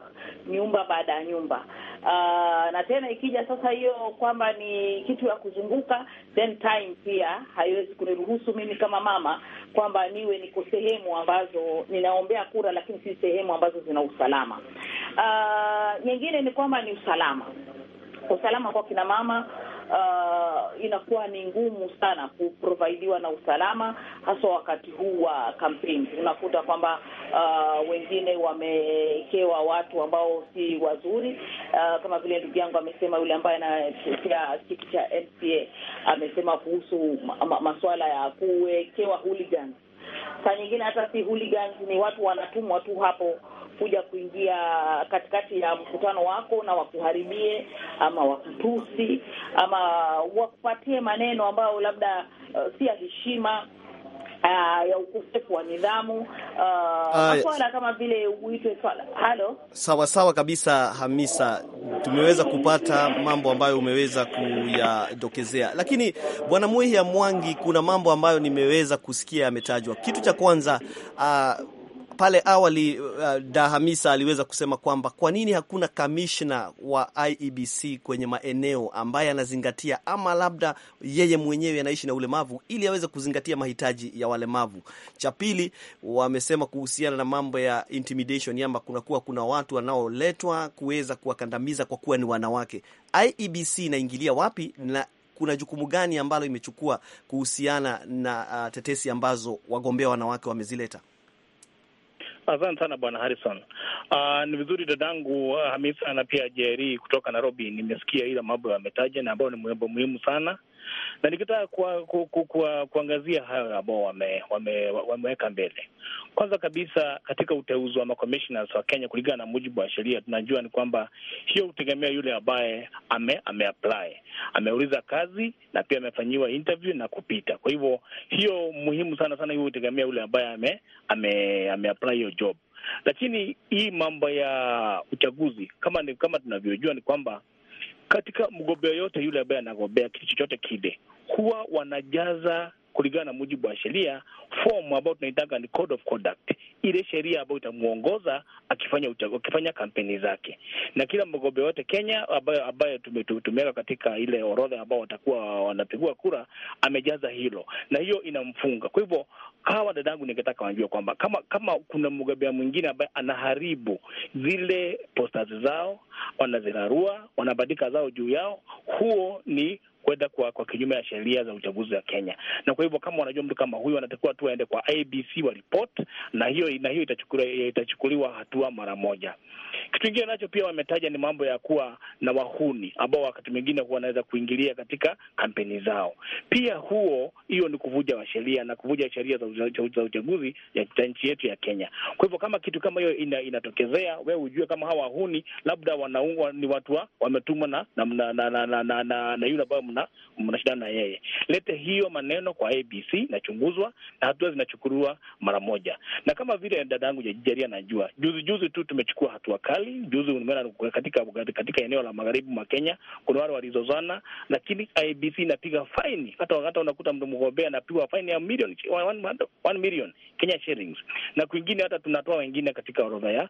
E: nyumba baada ya nyumba. Uh, na tena ikija sasa hiyo kwamba ni kitu ya kuzunguka, then time pia haiwezi kuniruhusu mimi kama mama kwamba niwe niko sehemu ambazo ninaombea kura, lakini si sehemu ambazo zina usalama. Uh, nyingine ni kwamba ni usalama usalama kwa kina mama uh, inakuwa ni ngumu sana kuprovaidiwa na usalama, haswa wakati huu wa kampeni. Unakuta kwamba uh, wengine wamewekewa watu ambao si wazuri uh, kama vile ndugu yangu amesema, yule ambaye anatetea kiti cha MCA amesema kuhusu ma ma masuala ya kuwekewa hooligans Saa nyingine hata si hooligans, ni watu wanatumwa tu hapo kuja kuingia katikati ya mkutano wako na wakuharibie ama wakutusi ama wakupatie maneno ambayo labda uh, si ya heshima uh, ya ukosefu wa nidhamu
A: uh,
E: kama vile uitwe swala. Halo,
A: sawa sawa kabisa Hamisa, tumeweza kupata mambo ambayo umeweza kuyadokezea, lakini Bwana Muihi ya Mwangi, kuna mambo ambayo nimeweza kusikia yametajwa. Kitu cha kwanza uh, pale awali uh, Dahamisa aliweza kusema kwamba kwa nini hakuna kamishna wa IEBC kwenye maeneo ambaye anazingatia ama labda yeye mwenyewe anaishi na ulemavu ili aweze kuzingatia mahitaji ya walemavu. Cha pili, wamesema kuhusiana na mambo ya intimidation yamba kunakuwa kuna watu wanaoletwa kuweza kuwakandamiza kwa kuwa ni wanawake. IEBC inaingilia wapi na kuna jukumu gani ambalo imechukua kuhusiana na uh, tetesi ambazo wagombea wanawake wamezileta?
D: Asante sana bwana Harrison. Uh, ni vizuri dadangu ah, Hamisa na pia Jeri kutoka Nairobi, nimesikia ila mambo yametaja na ambayo ni mambo muhimu sana na nikitaka kuangazia ku, ku, kuangazia hayo ambao wameweka wame, wame mbele. Kwanza kabisa katika uteuzi wa makomishnas wa Kenya, kulingana na mujibu wa sheria, tunajua ni kwamba hiyo hutegemea yule ambaye ame, ameapply ameuliza kazi na pia amefanyiwa interview na kupita. Kwa hivyo hiyo muhimu sana sana, hiyo hutegemea yule ambaye ame, ame, ameapply hiyo job, lakini hii mambo ya uchaguzi kama, kama tunavyojua ni kwamba katika mgombea yote yule ambaye anagombea kitu chochote kile, huwa wanajaza kulingana na mujibu wa sheria fomu ambayo tunaitanga ni code of conduct, ile sheria ambayo itamwongoza akifanya akifanya kampeni zake. Na kila mgombea wote Kenya ambayo ambayo tumeweka katika ile orodha ambao watakuwa wanapigua kura amejaza hilo, na hiyo inamfunga. Kwa hivyo hawa dadangu, ningetaka wajue kwamba kama kama kuna mgombea mwingine ambaye anaharibu zile posters zao, wanazirarua, wanabandika zao juu yao, huo ni kwenda kwa, kwa kinyume ya sheria za uchaguzi wa Kenya. Na kwa hivyo kama wanajua mtu kama huyu anatakiwa tu aende kwa IBC wa report, na hiyo na hiyo itachukuliwa, itachukuliwa hatua mara moja. Kitu kingine nacho pia wametaja ni mambo ya kuwa na wahuni ambao wakati mwingine huwa wanaweza kuingilia katika kampeni zao. Pia huo hiyo ni kuvuja wa sheria na kuvuja sheria za uchaguzi ya nchi yetu ya Kenya. Kwa hivyo kama kitu kama hiyo ina, inatokezea, wewe ujue kama hawa wahuni labda wanaungwa ni watu wametumwa na na na na, na, na, na, na yule ambayo mna, mnashindana na yeye. Lete hiyo maneno kwa ABC, inachunguzwa na hatua zinachukuliwa mara moja, na kama vile dada yangu Jajaria anajua, juzi juzi tu tumechukua hatua kali. Juzi umeona katika, katika eneo la magharibi mwa Kenya kuna wale walizozana, lakini ABC inapiga faini, hata wakati unakuta mtu mgombea anapigwa faini ya milioni one million Kenya shillings, na kwingine hata tunatoa wengine katika orodha ya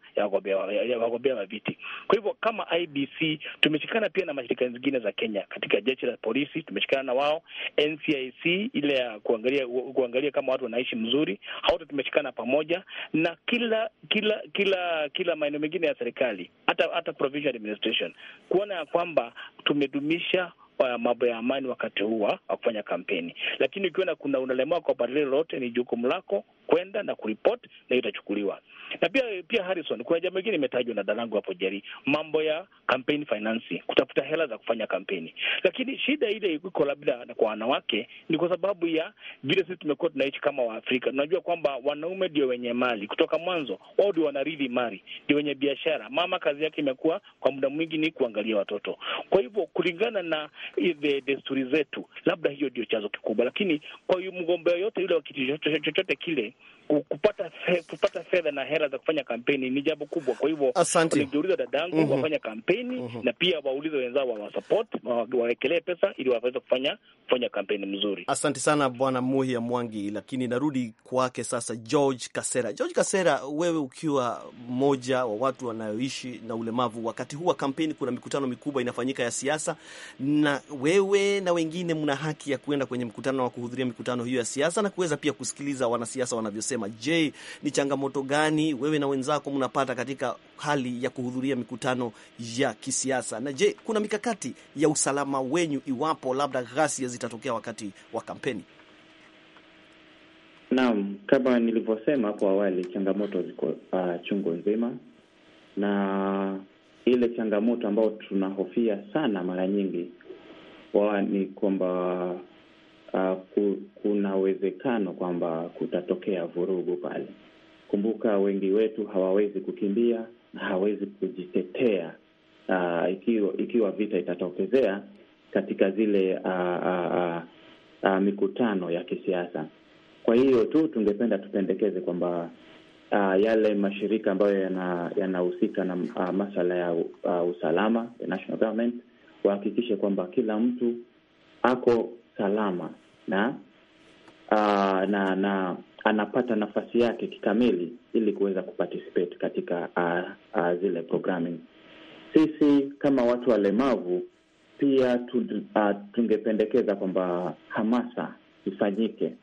D: wagombea wa viti. Kwa hivyo kama IBC tumeshikana pia na mashirika zingine za Kenya katika jeshi la polisi, tumeshikana na wao. NCIC ile ya kuangalia kuangalia kama watu wanaishi mzuri, hata tumeshikana pamoja na kila kila kila kila maeneo mengine ya serikali, hata hata provincial administration, kuona ya kwamba tumedumisha uh, mambo ya amani wakati huu wa kufanya kampeni. Lakini ukiona kuna unalemewa kwa badili lolote, ni jukumu lako kwenda na kuripoti na itachukuliwa. Na pia pia, Harrison, kuna jambo ingine imetajwa na dalangu hapo Jeri, mambo ya campaign finance, kutafuta hela za kufanya kampeni. Lakini shida ile iko labda kwa wanawake ni kwa sababu ya vile sisi tumekuwa tunaishi kama Waafrika, tunajua kwamba wanaume ndio wenye mali kutoka mwanzo, wao ndio wanarithi mali, ndio wenye biashara. Mama kazi yake imekuwa kwa muda mwingi ni kuangalia watoto. Kwa hivyo kulingana na eh, desturi zetu, labda hiyo ndio chanzo kikubwa, lakini kwa mgombea yote yule wa kiti chochote kile kupata fe, kupata fedha na hela za kufanya kampeni ni jambo kubwa. Kwa hivyo nikiuliza dadangu mm -hmm. wafanya kampeni mm -hmm. na pia waulize wenzao support wawekelee pesa ili waweze kufanya kufanya kampeni
A: mzuri. Asante sana Bwana Muhia Mwangi, lakini narudi kwake sasa George Kasera. George Kasera, wewe ukiwa mmoja wa watu wanaoishi na ulemavu, wakati huu wa kampeni kuna mikutano mikubwa inafanyika ya siasa, na wewe na wengine mna haki ya kuenda kwenye mkutano wa kuhudhuria mikutano hiyo ya siasa na kuweza pia kusikiliza wanasiasa wanavyosema wanasema. Je, ni changamoto gani wewe na wenzako mnapata katika hali ya kuhudhuria mikutano ya kisiasa? Na je, kuna mikakati ya usalama wenyu iwapo labda ghasia zitatokea wakati wa kampeni?
F: Naam, kama nilivyosema hapo awali, changamoto ziko uh, chungu nzima, na ile changamoto ambayo tunahofia sana mara nyingi wa ni kwamba uh, kuna uwezekano kwamba kutatokea vurugu pale. Kumbuka wengi wetu hawawezi kukimbia na hawawezi kujitetea uh, ikiwa, ikiwa vita itatokezea katika zile uh, uh, uh, uh, mikutano ya kisiasa. Kwa hiyo tu tungependa tupendekeze kwamba uh, yale mashirika ambayo yanahusika ya na uh, masala ya uh, usalama the national government wahakikishe kwamba kila mtu ako salama na uh, na na anapata nafasi yake kikamili ili kuweza kuparticipate katika uh, uh, zile programming. Sisi kama watu walemavu pia tu, uh, tungependekeza kwamba hamasa ifanyike,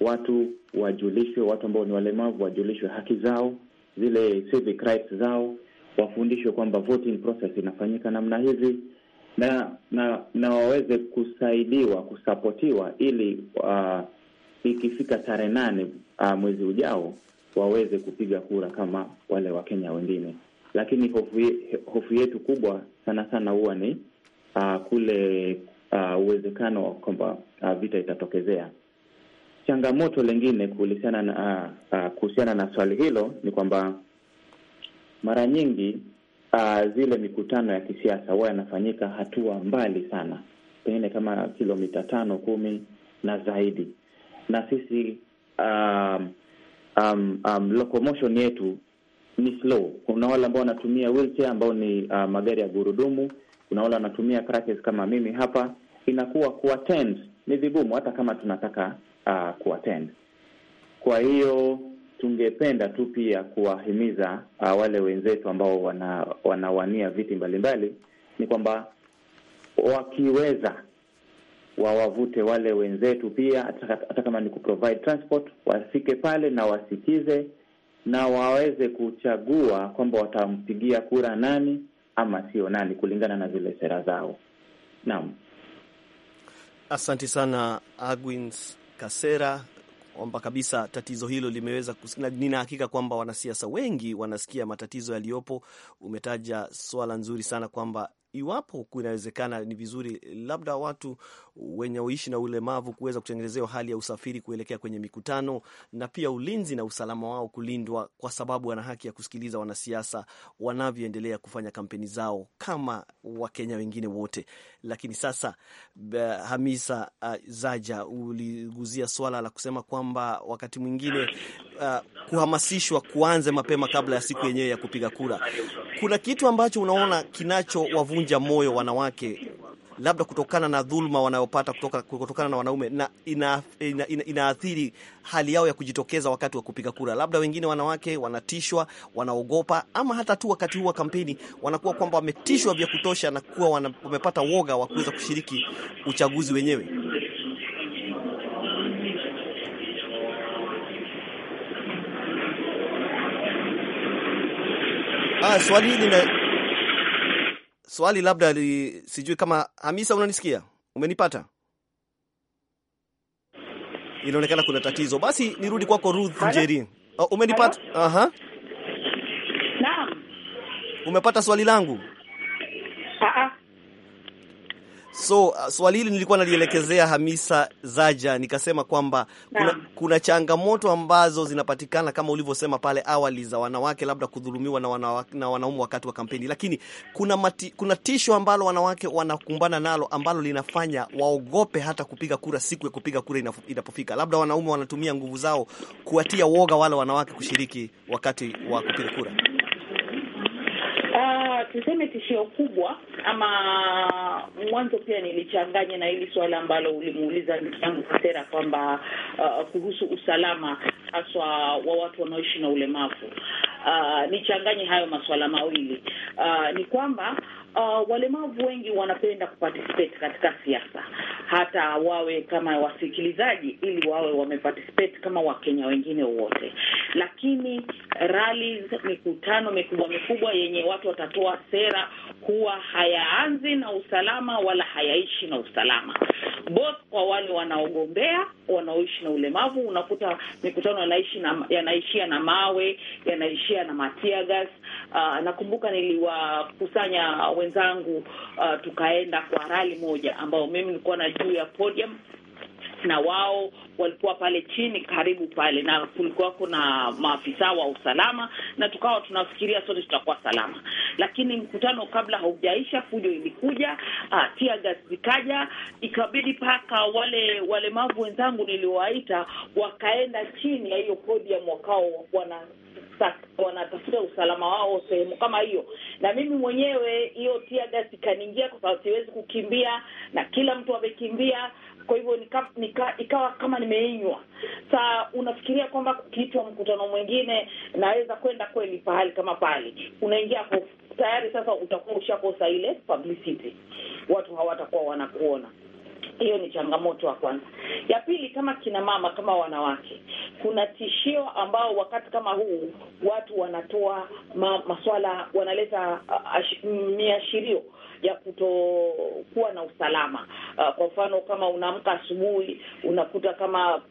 F: watu wajulishwe, watu ambao ni walemavu wajulishwe haki zao, zile civic rights zao, wafundishwe kwamba voting process inafanyika namna hivi na na na waweze kusaidiwa kusapotiwa, ili uh, ikifika tarehe nane uh, mwezi ujao waweze kupiga kura kama wale Wakenya wengine. Lakini hofu, hofu yetu kubwa sana sana huwa ni uh, kule uh, uwezekano wa kwamba uh, vita itatokezea. Changamoto lengine kuhusiana na, uh, uh, kuhusiana na swali hilo ni kwamba mara nyingi uh, zile mikutano ya kisiasa huwa yanafanyika hatua mbali sana, pengine kama kilomita tano kumi na zaidi, na sisi um, um, um, locomotion yetu ni slow. Kuna wale ambao wanatumia wheelchair ambao ni uh, magari ya gurudumu. Kuna wale wanatumia crutches kama mimi hapa, inakuwa kuattend ni vigumu, hata kama tunataka uh, kuattend. Kwa hiyo tungependa tu pia kuwahimiza uh, wale wenzetu ambao wana, wanawania viti mbalimbali ni kwamba wakiweza wawavute wale wenzetu pia, hata kama ni kuprovide transport, wafike pale na wasikize na waweze kuchagua kwamba watampigia kura nani ama sio nani, kulingana na zile sera zao. Naam,
A: asante sana Agwins Kasera kwamba kabisa tatizo hilo limeweza. Nina hakika kwamba wanasiasa wengi wanasikia matatizo yaliyopo. Umetaja swala nzuri sana kwamba iwapo kunawezekana, ni vizuri labda watu wenye uishi na ulemavu kuweza kutengenezewa hali ya usafiri kuelekea kwenye mikutano, na pia ulinzi na usalama wao kulindwa, kwa sababu wana haki ya kusikiliza wanasiasa wanavyoendelea kufanya kampeni zao kama Wakenya wengine wote. Lakini sasa, Hamisa uh, Zaja, uliguzia swala la kusema kwamba wakati mwingine uh, kuhamasishwa kuanze mapema kabla ya siku yenyewe ya kupiga kura. Kuna kitu ambacho unaona kinachowavunja moyo wanawake labda kutokana na dhuluma wanayopata kutoka, kutokana na wanaume na inaathiri ina, ina, ina hali yao ya kujitokeza wakati wa kupiga kura. Labda wengine wanawake wanatishwa, wanaogopa, ama hata tu wakati huu wa kampeni wanakuwa kwamba wametishwa vya kutosha na kuwa wamepata woga wa kuweza kushiriki uchaguzi wenyewe. Ah, swali hili swali labda li... sijui kama Hamisa, unanisikia? Umenipata? Inaonekana kuna tatizo. Basi nirudi kwako Ruth Njeri. Oh, umenipata? Aha. Naam. Umepata swali langu? So uh, swali hili nilikuwa nalielekezea Hamisa Zaja, nikasema kwamba kuna, kuna changamoto ambazo zinapatikana kama ulivyosema pale awali za wanawake labda kudhulumiwa na, wana, na wanaume wakati wa kampeni, lakini kuna, mati, kuna tisho ambalo wanawake wanakumbana nalo ambalo linafanya waogope hata kupiga kura siku ya kupiga kura inapofika. Labda wanaume wanatumia nguvu zao kuwatia woga wale wanawake kushiriki wakati wa kupiga kura
E: tuseme tishio kubwa ama mwanzo pia nilichanganya na hili suala ambalo ulimuuliza ndugu yangu Kasera kwamba uh, kuhusu usalama haswa wa watu wanaoishi na ulemavu uh, nichanganye hayo masuala mawili uh, ni kwamba uh, walemavu wengi wanapenda kuparticipate katika siasa, hata wawe kama wasikilizaji, ili wawe wameparticipate kama Wakenya wengine wote. Lakini rallies, mikutano mikubwa mikubwa yenye watu watatoa sera huwa hayaanzi na usalama wala hayaishi na usalama, both kwa wale wanaogombea wanaoishi na ulemavu. Unakuta mikutano yanaishi na, yanaishia na mawe, yanaishia na matiagas. Uh, nakumbuka niliwakusanya wenzangu uh, tukaenda kwa rali moja ambao mimi nilikuwa na juu ya podium na wao walikuwa pale chini karibu pale, na kulikuwa kuna maafisa wa usalama, na tukawa tunafikiria sote tutakuwa salama, lakini mkutano kabla haujaisha, fujo ilikuja, uh, tia gas zikaja, ikabidi mpaka wale walemavu wenzangu niliowaita wakaenda chini ya hiyo podium, wakao wana wanatafuta usalama wao sehemu kama hiyo. Na mimi mwenyewe hiyo tia gasi ikaniingia kwa sababu siwezi kukimbia, na kila mtu amekimbia, kwa hivyo nika, nika, ikawa kama nimeinywa. Sa unafikiria kwamba kukiitwa mkutano mwingine naweza kwenda kweli pahali kama pale, unaingia tayari, sasa utakuwa ushakosa ile publicity, watu hawatakuwa wanakuona. Hiyo ni changamoto ya kwanza. Ya pili, kama kina mama, kama wanawake, kuna tishio ambao wakati kama huu watu wanatoa ma, maswala wanaleta uh, ash, miashirio ya kutokuwa na usalama. Uh, kwa mfano kama unaamka asubuhi unakuta kama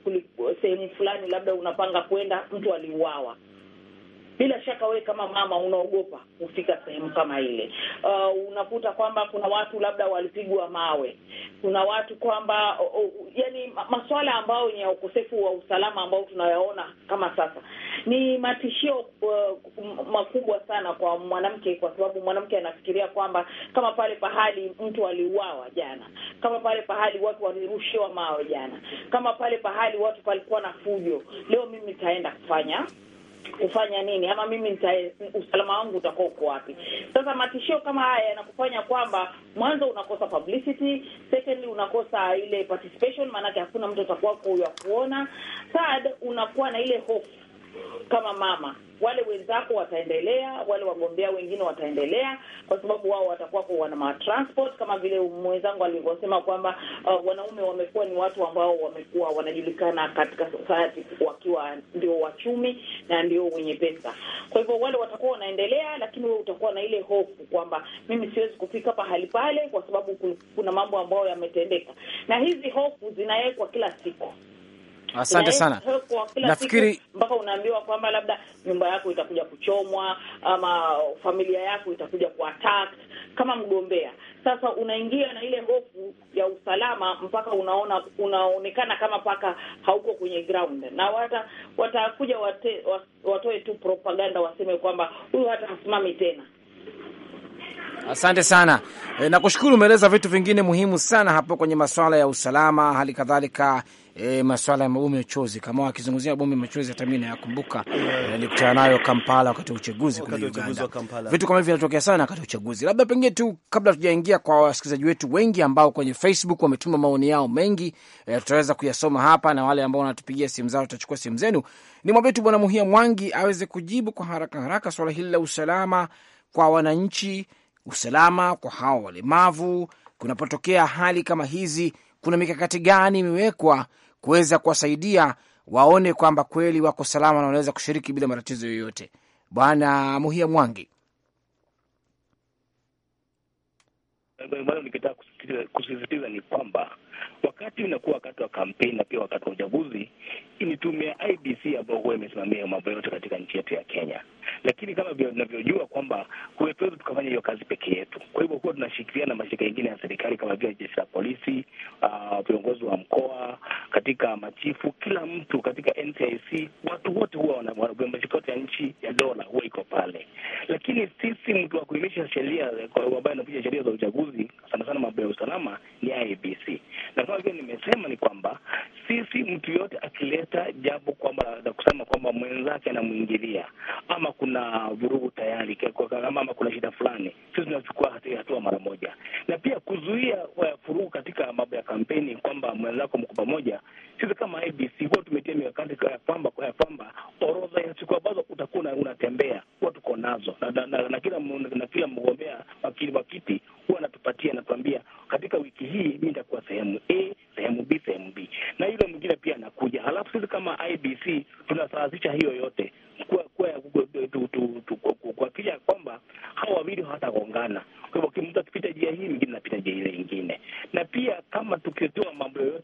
E: sehemu fulani labda unapanga kwenda, mtu aliuawa bila shaka wewe kama mama unaogopa kufika sehemu kama ile. Uh, unakuta kwamba kuna watu labda walipigwa mawe, kuna watu kwamba uh, uh, yani masuala ambayo ni ya ukosefu wa usalama ambao tunayaona kama sasa ni matishio uh, makubwa sana kwa mwanamke, kwa sababu mwanamke anafikiria kwamba kama pale pahali mtu aliuawa jana, kama pale pahali watu walirushiwa mawe jana, kama pale pahali watu palikuwa na fujo, leo mimi nitaenda kufanya kufanya nini ama mimi nita, usalama wangu utakuwa uko wapi? Sasa matishio kama haya yanakufanya kwamba mwanzo unakosa publicity, secondly unakosa ile participation, maanake hakuna mtu atakuwa huyo kuona, third unakuwa na ile hofu kama mama wale wenzako wataendelea, wale wagombea wengine wataendelea, kwa sababu wao watakuwa wana matransport kama vile mwenzangu alivyosema kwamba uh, wanaume wamekuwa ni watu ambao wamekuwa wanajulikana katika society wakiwa ndio wachumi na ndio wenye pesa. Kwa hivyo wale watakuwa wanaendelea, lakini wewe utakuwa na ile hofu kwamba mimi siwezi kufika pahali pale, kwa sababu kuna mambo ambayo yametendeka, na hizi hofu zinawekwa kila siku.
B: Asante sana.
E: Nafikiri mpaka unaambiwa kwamba labda nyumba yako itakuja kuchomwa ama familia yako itakuja kuattack kama mgombea. Sasa unaingia na ile hofu ya usalama mpaka unaona unaonekana kama paka hauko kwenye ground, na wata watakuja wate, watoe tu propaganda waseme kwamba huyu hata hasimami tena.
B: Asante sana e, nakushukuru. Umeeleza vitu vingine muhimu sana hapo kwenye masuala ya usalama, hali kadhalika e, masuala ya mabomu ya uchozi. Kama akizungumzia mabomu ya machozi, hata mimi nayakumbuka nilikutana eh, yeah. nayo Kampala wakati wa uchaguzi kule Uganda. Vitu kama hivi vinatokea sana wakati wa uchaguzi. Labda pengine tu kabla tujaingia kwa wasikilizaji wetu wengi ambao kwenye Facebook wametuma maoni yao mengi, e, tutaweza kuyasoma hapa na wale ambao wanatupigia simu zao tutachukua simu zenu. Nimwambie tu Bwana Muhia Mwangi aweze kujibu kwa haraka haraka swala hili la usalama kwa wananchi, usalama kwa hawa walemavu kunapotokea hali kama hizi, kuna mikakati gani imewekwa kuweza kuwasaidia waone kwamba kweli wako salama na wanaweza kushiriki bila matatizo yoyote. Bwana Muhia Mwangi,
D: nikitaka kusisitiza ni kwamba wakati unakuwa wakati wa kampeni na pia wakati wa uchaguzi. Ni tume ya IBC ambayo huwa imesimamia mambo yote katika nchi yetu ya Kenya, lakini kama navyojua kwamba huwetuwezi tukafanya hiyo kazi peke yetu. Kwa hivyo huwa tunashirikiana na mashirika yengine ya serikali kama vile jeshi la polisi, ah, viongozi uh, wa mkoa, katika machifu, kila mtu katika NCIC, watu wote huwa mashirika yote ya nchi ya dola huwa iko pale, lakini sisi mtu wa kuimisha sheria ambayo anapisha sheria za uchaguzi sana sana mambo ya usalama ni IBC na kama vile nimesema ni kwamba sisi, mtu yoyote akileta jambo kwamba la kusema kwamba mwenzake anamwingilia ama kuna vurugu tayari ama kuna shida fulani, sisi tunachukua hatua mara moja, na pia kuzuia furugu katika mambo ya kampeni, kwamba mwenzako mko pamoja. Sisi kama IBC huwa tumetia mikakati ya kwamba kwamba orodha ya siku ambazo utakuwa unatembea huwa tuko nazo, na, na, na, na kila na kila mgombea wakili wa kiti huwa anatupatia, anatuambia katika wiki hii mi sehemu A, sehemu B, sehemu B, na yule mwingine pia anakuja. Halafu sisi kama IBC tunasawazisha hiyo yote kuhakikisha kwamba hawa wawili hawatagongana. Kwa hivyo mtu akipita njia hii, mwingine anapita njia ile ingine, na pia kama tukitoa mambo yoyote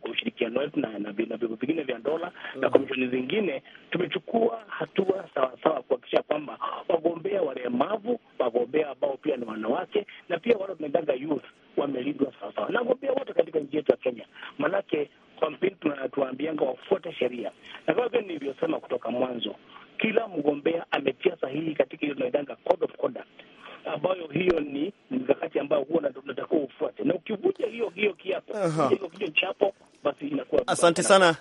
D: kwa ushirikiano wetu na vyombo vingine vya dola na komishoni zingine
A: Asante sana.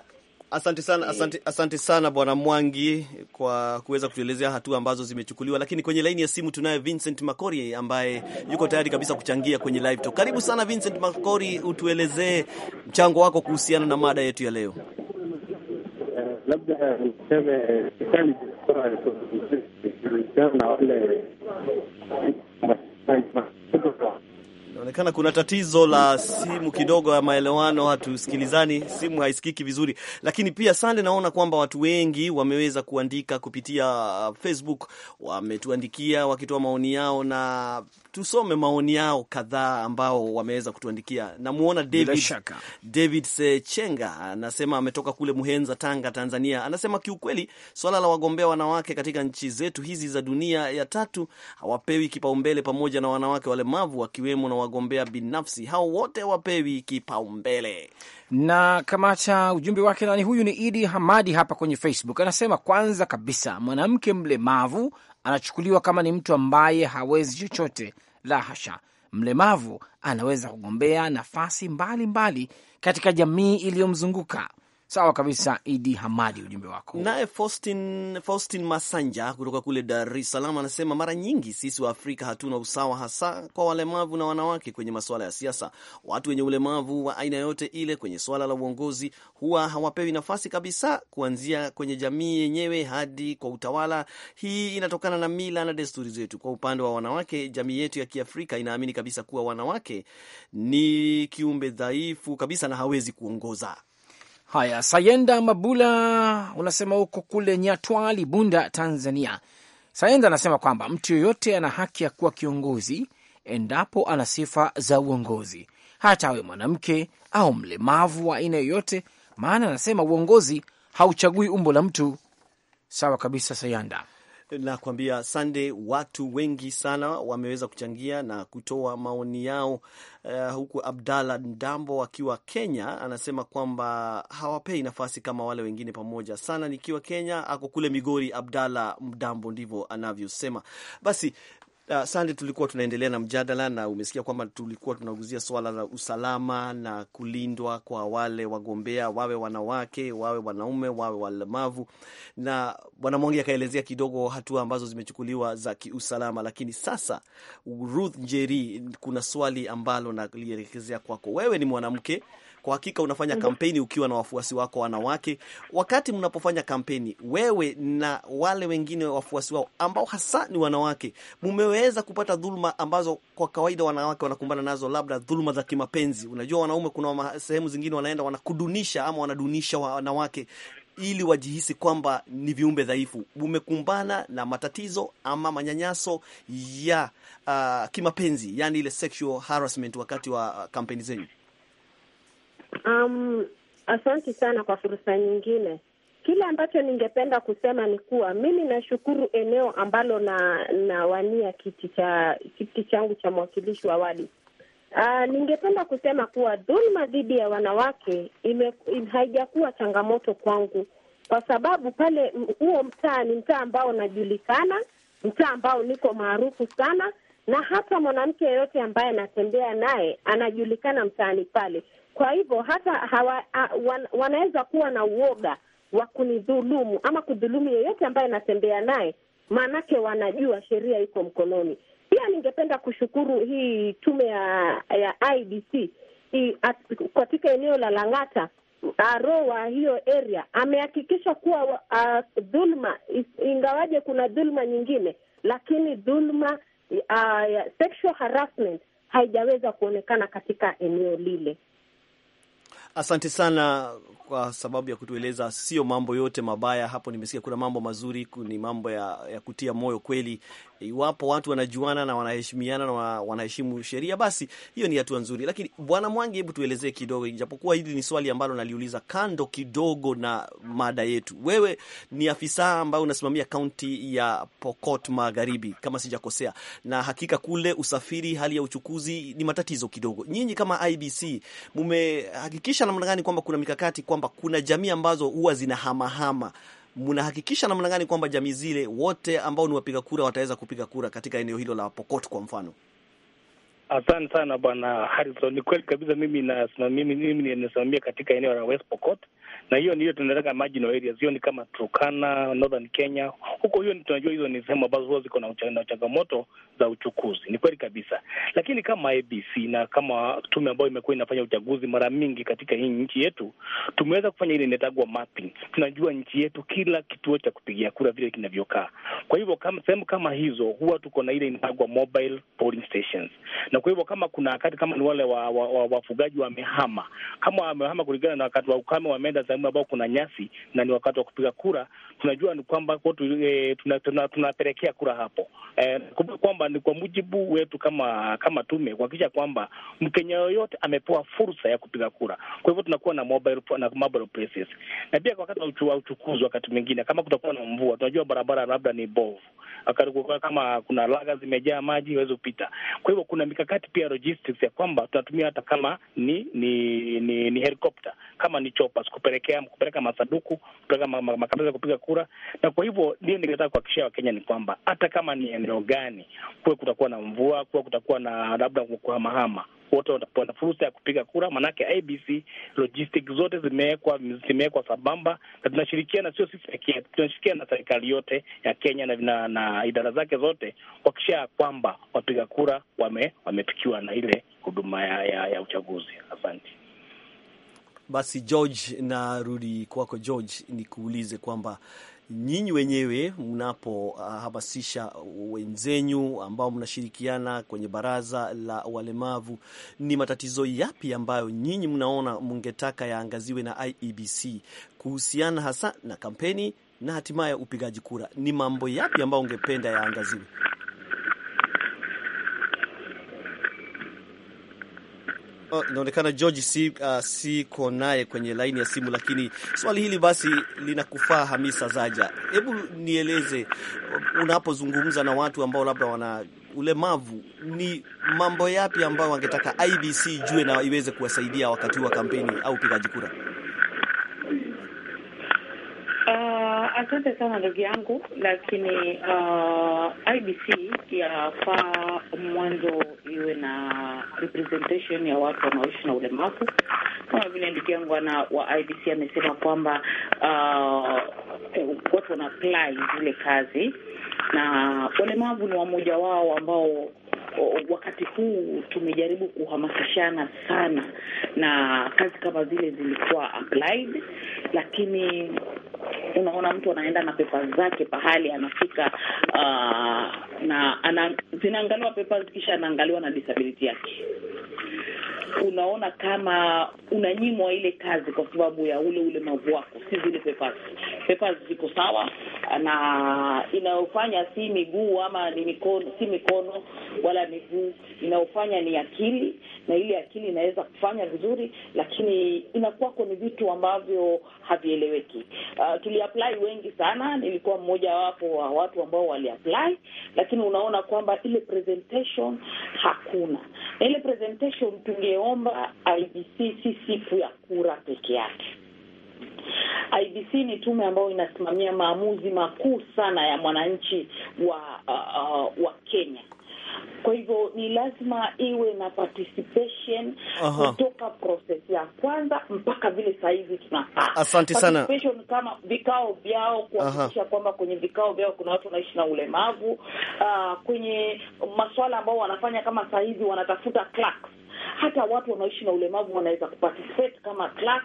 A: Asante sana, asante, asante sana Bwana Mwangi kwa kuweza kutuelezea hatua ambazo zimechukuliwa. Lakini kwenye laini ya simu tunaye Vincent Makori ambaye yuko tayari kabisa kuchangia kwenye live talk. Karibu sana Vincent Makori, utuelezee mchango wako kuhusiana na mada yetu ya leo.
D: Eh, labda niseme
A: eh,
F: serikali na wale
A: inaonekana kuna tatizo la simu kidogo ya maelewano, hatusikilizani, simu haisikiki vizuri. Lakini pia Sande, naona kwamba watu wengi wameweza kuandika kupitia uh, Facebook wametuandikia wakitoa maoni yao, na tusome maoni yao kadhaa ambao wameweza kutuandikia. Namwona David, David Sechenga anasema ametoka kule Muhenza, Tanga, Tanzania. Anasema kiukweli swala la wagombea wanawake katika nchi zetu hizi za dunia ya tatu hawapewi kipaumbele, pamoja na wanawake walemavu wakiwemo na wagombea binafsi, hao wote hawapewi kipaumbele.
B: Na kamata ujumbe wake nani huyu? Ni Idi Hamadi hapa kwenye Facebook, anasema kwanza kabisa mwanamke mlemavu anachukuliwa kama ni mtu ambaye hawezi chochote. La hasha, mlemavu anaweza kugombea nafasi mbalimbali mbali katika jamii iliyomzunguka Sawa kabisa, Idi Hamadi, ujumbe wako. Naye
A: Faustin, Faustin Masanja kutoka kule Dar es Salaam anasema mara nyingi sisi wa Afrika hatuna usawa, hasa kwa walemavu na wanawake kwenye masuala ya siasa. Watu wenye ulemavu wa aina yote ile kwenye suala la uongozi huwa hawapewi nafasi kabisa, kuanzia kwenye jamii yenyewe hadi kwa utawala. Hii inatokana na mila na desturi zetu. Kwa upande wa wanawake, jamii yetu ya Kiafrika inaamini kabisa kuwa wanawake ni kiumbe dhaifu kabisa
B: na hawezi kuongoza. Haya, Sayenda Mabula unasema huko kule Nyatwali, Bunda, Tanzania. Sayenda anasema kwamba mtu yoyote ana haki ya kuwa kiongozi endapo ana sifa za uongozi, hata awe mwanamke au mlemavu wa aina yoyote, maana anasema uongozi hauchagui umbo la mtu. Sawa kabisa, Sayanda
A: na kuambia sande. Watu wengi sana wameweza kuchangia na kutoa maoni yao. Uh, huku Abdalla Ndambo akiwa Kenya anasema kwamba hawapei nafasi kama wale wengine pamoja sana. Nikiwa Kenya, ako kule Migori. Abdalla Ndambo ndivyo anavyosema. Basi Uh, Sande, tulikuwa tunaendelea na mjadala na umesikia kwamba tulikuwa tunaguzia swala la usalama na kulindwa kwa wale wagombea, wawe wanawake, wawe wanaume, wawe walemavu, na Bwana Mwangi akaelezea kidogo hatua ambazo zimechukuliwa za kiusalama. Lakini sasa, Ruth Njeri, kuna swali ambalo nalielekezea kwako. Wewe ni mwanamke kwa hakika unafanya mhm. kampeni ukiwa na wafuasi wako wanawake. Wakati mnapofanya kampeni, wewe na wale wengine wafuasi wao ambao hasa ni wanawake, mmeweza kupata dhuluma ambazo kwa kawaida wanawake wanakumbana nazo, labda dhuluma za kimapenzi? Unajua wanaume kuna sehemu zingine wanaenda wanakudunisha ama wanadunisha wanawake ili wajihisi kwamba ni viumbe dhaifu. Umekumbana na matatizo ama manyanyaso ya uh, kimapenzi, yani ile sexual harassment wakati wa ah, kampeni zenyu?
C: Um, asante sana kwa fursa nyingine. Kile ambacho ningependa kusema ni kuwa mimi nashukuru eneo ambalo na nawania kiti cha kiti changu cha mwakilishi wa wadi. Uh, ah, ningependa kusema kuwa dhuluma dhidi ya wanawake ime, ime, haijakuwa changamoto kwangu kwa sababu pale huo mtaa ni mtaa ambao unajulikana mtaa ambao niko maarufu sana, na hata mwanamke yeyote ambaye anatembea naye anajulikana mtaani pale. Kwa hivyo hata hawa, wan, wanaweza kuwa na uoga wa kunidhulumu ama kudhulumu yeyote ambaye anatembea naye, maanake wanajua sheria iko mkononi. Pia ningependa kushukuru hii tume ya, ya IBC hii, at, katika eneo la Lang'ata aro wa hiyo area amehakikisha kuwa uh, dhulma ingawaje kuna dhulma nyingine, lakini dhulma uh, sexual harassment haijaweza kuonekana katika eneo lile.
A: Asante sana kwa sababu ya kutueleza sio mambo yote mabaya hapo. Nimesikia kuna mambo mazuri, ni mambo ya, ya kutia moyo kweli Iwapo watu wanajuana na wanaheshimiana na wanaheshimu sheria, basi hiyo ni hatua nzuri. Lakini Bwana Mwangi, hebu tuelezee kidogo, ijapokuwa hili ni swali ambalo naliuliza kando kidogo na mada yetu. Wewe ni afisa ambaye unasimamia kaunti ya Pokot Magharibi kama sijakosea, na hakika kule usafiri, hali ya uchukuzi ni matatizo kidogo. Nyinyi kama IBC mmehakikisha namna gani kwamba kuna mikakati kwamba kuna jamii ambazo huwa zinahamahama mnahakikisha namna gani kwamba jamii zile wote ambao ni wapiga kura wataweza kupiga kura katika eneo hilo la Pokot kwa mfano?
D: Asante sana bwana Harrison, ni kweli kabisa. Mimi nasimamia mimi ninasimamia katika eneo la West Pokot na hiyo ndio tunataka marginal areas, hiyo ni kama Turkana, Northern Kenya huko. Hiyo tunajua hizo ni sehemu ambazo huwa ziko na changamoto za uchukuzi, ni kweli kabisa. Lakini kama ABC na kama tume ambayo imekuwa inafanya uchaguzi mara mingi katika hii nchi yetu, tumeweza kufanya ile inaitagwa mapping. Tunajua nchi yetu kila kituo cha kupigia kura vile kinavyokaa. Kwa hivyo kama sehemu kama hizo huwa tuko na ile inaitagwa mobile polling stations, na kwa hivyo kama kuna wakati kama ni wale wafugaji wa, wa, wa, wa wamehama, kama wamehama kulingana na wakati wa ukame wameenda sehemu ambao kuna nyasi na ni wakati wa kupiga kura, tunajua ni kwamba e, tunapelekea tuna, tuna kura hapo e, kumbuka kwamba ni kwa mujibu wetu kama kama tume kuhakikisha kwamba Mkenya yoyote amepewa fursa ya kupiga kura. Kwa hivyo tunakuwa na mobile, na mobile places, na pia wakati wa uchukuzi, wakati mwingine kama kutakuwa na mvua, tunajua barabara labda ni bovu, kama kuna laga zimejaa maji iwezi kupita. Kwa hivyo kuna mikakati pia logistics ya kwamba tunatumia hata kama ni ni ni, ni helikopta kama ni chopas kupeleka kupelekea kupeleka masanduku kupeleka makaratasi kupiga kura. Na kwa hivyo ndio ningetaka kuhakikishia Wakenya ni kwamba hata kama ni eneo gani, kuwe kutakuwa na mvua, kuwe kutakuwa na labda kuhamahama, wote watapata fursa ya kupiga kura, maanake IBC logistics zote zimewekwa zimewekwa sambamba, na tunashirikiana, sio sisi pekee, tunashirikiana na serikali yote ya Kenya na, na, na idara zake zote kuhakikisha ya kwamba wapiga kura wame, wamepikiwa na ile huduma ya, ya, ya uchaguzi. Asante.
A: Basi George, narudi kwako George, nikuulize kwamba nyinyi wenyewe mnapohamasisha wenzenyu ambao mnashirikiana kwenye baraza la walemavu, ni matatizo yapi ambayo nyinyi mnaona mungetaka yaangaziwe na IEBC kuhusiana hasa na kampeni na hatimaye upigaji kura? Ni mambo yapi ambayo ungependa yaangaziwe? inaonekana George si, uh, siko naye kwenye laini ya simu, lakini swali hili basi linakufaa Hamisa Zaja. Hebu nieleze, unapozungumza na watu ambao labda wana ulemavu, ni mambo yapi ambayo wangetaka IBC ijue na iweze kuwasaidia wakati wa kampeni au upigaji kura?
E: Uh, asante sana ndugu yangu, lakini uh, IBC yafaa mwanzo iwe na representation ya watu wanaoishi na ulemavu kama vile ndugu yangu wa IBC amesema kwamba uh, watu wana apply zile kazi na walemavu ni wamoja wao ambao uh, wakati huu tumejaribu kuhamasishana sana, na kazi kama zile zilikuwa applied, lakini unaona mtu anaenda na pepa zake pahali anafika, uh, na ana, zinaangaliwa pepa kisha anaangaliwa na disability yake. Unaona kama unanyimwa ile kazi kwa sababu ya ule ulemavu wako, si zile pepa. Pepa ziko sawa, na inayofanya si miguu ama ni mikono, si mikono wala miguu, inayofanya ni akili, na ile akili inaweza kufanya vizuri, lakini inakuwako ni vitu ambavyo havieleweki uh, ah, tuliapply wengi sana, nilikuwa mmoja wapo wa watu ambao waliapply, lakini unaona kwamba ile presentation hakuna, na ile presentation tungeomba IBC si siku ya kura peke yake. IBC ni tume ambayo inasimamia maamuzi makuu sana ya mwananchi wa uh, uh, wa Kenya kwa hivyo ni lazima iwe na participation kutoka process ya kwanza mpaka vile saa hizi tunafaa. Asante sana. Kama vikao vyao kuhakikisha kwamba kwenye vikao vyao kuna watu wanaishi na ulemavu uh, kwenye masuala ambao wanafanya kama saa hizi wanatafuta clerks hata watu wanaoishi na ulemavu wanaweza kuparticipate kama clerk,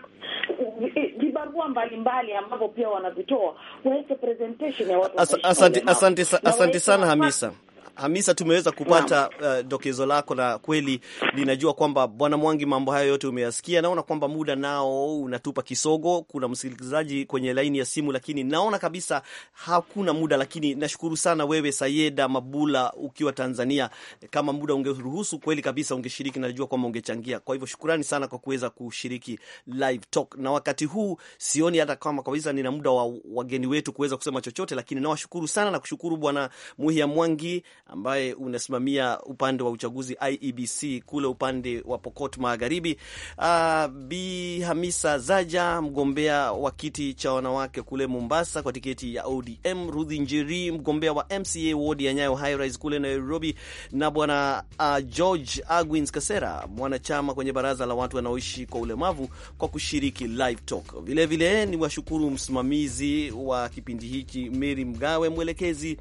E: eh, vibarua mbalimbali ambavyo pia wanavitoa, waweke presentation ya watu. Asante, asante, asante sana Hamisa.
A: Hamisa, tumeweza kupata uh, dokezo lako na kweli linajua kwamba Bwana Mwangi mambo hayo yote umeyasikia. Naona kwamba muda nao unatupa kisogo. Kuna msikilizaji kwenye laini ya simu, lakini naona kabisa hakuna muda, lakini nashukuru sana wewe Sayeda Mabula ukiwa Tanzania. Kama muda ungeruhusu kweli kabisa ungeshiriki, najua kwamba ungechangia. Kwa hivyo shukrani sana kwa kuweza kushiriki live talk, na wakati huu sioni hata kama kabisa nina muda wa wageni wetu kuweza kusema chochote, lakini nawashukuru sana na kushukuru Bwana Muhia Mwangi ambaye unasimamia upande wa uchaguzi IEBC kule upande wa Pokot Magharibi. Uh, Bi Hamisa Zaja, mgombea wa kiti cha wanawake kule Mombasa kwa tiketi ya ODM, Ruthi Njeri, mgombea wa MCA ward ya Nyayo High kule Nairobi, na bwana uh, George Agwins Kasera, mwanachama kwenye baraza la watu wanaoishi kwa ulemavu kwa kushiriki live talk. Vilevile ni washukuru msimamizi wa kipindi hiki Mary Mgawe, mwelekezi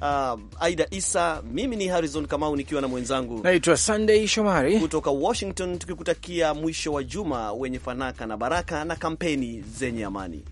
A: uh, Aida Isa. Mimi ni Harrison Kamau nikiwa na mwenzangu naitwa Sunday Shomari kutoka Washington, tukikutakia mwisho wa juma wenye fanaka na baraka na kampeni zenye amani.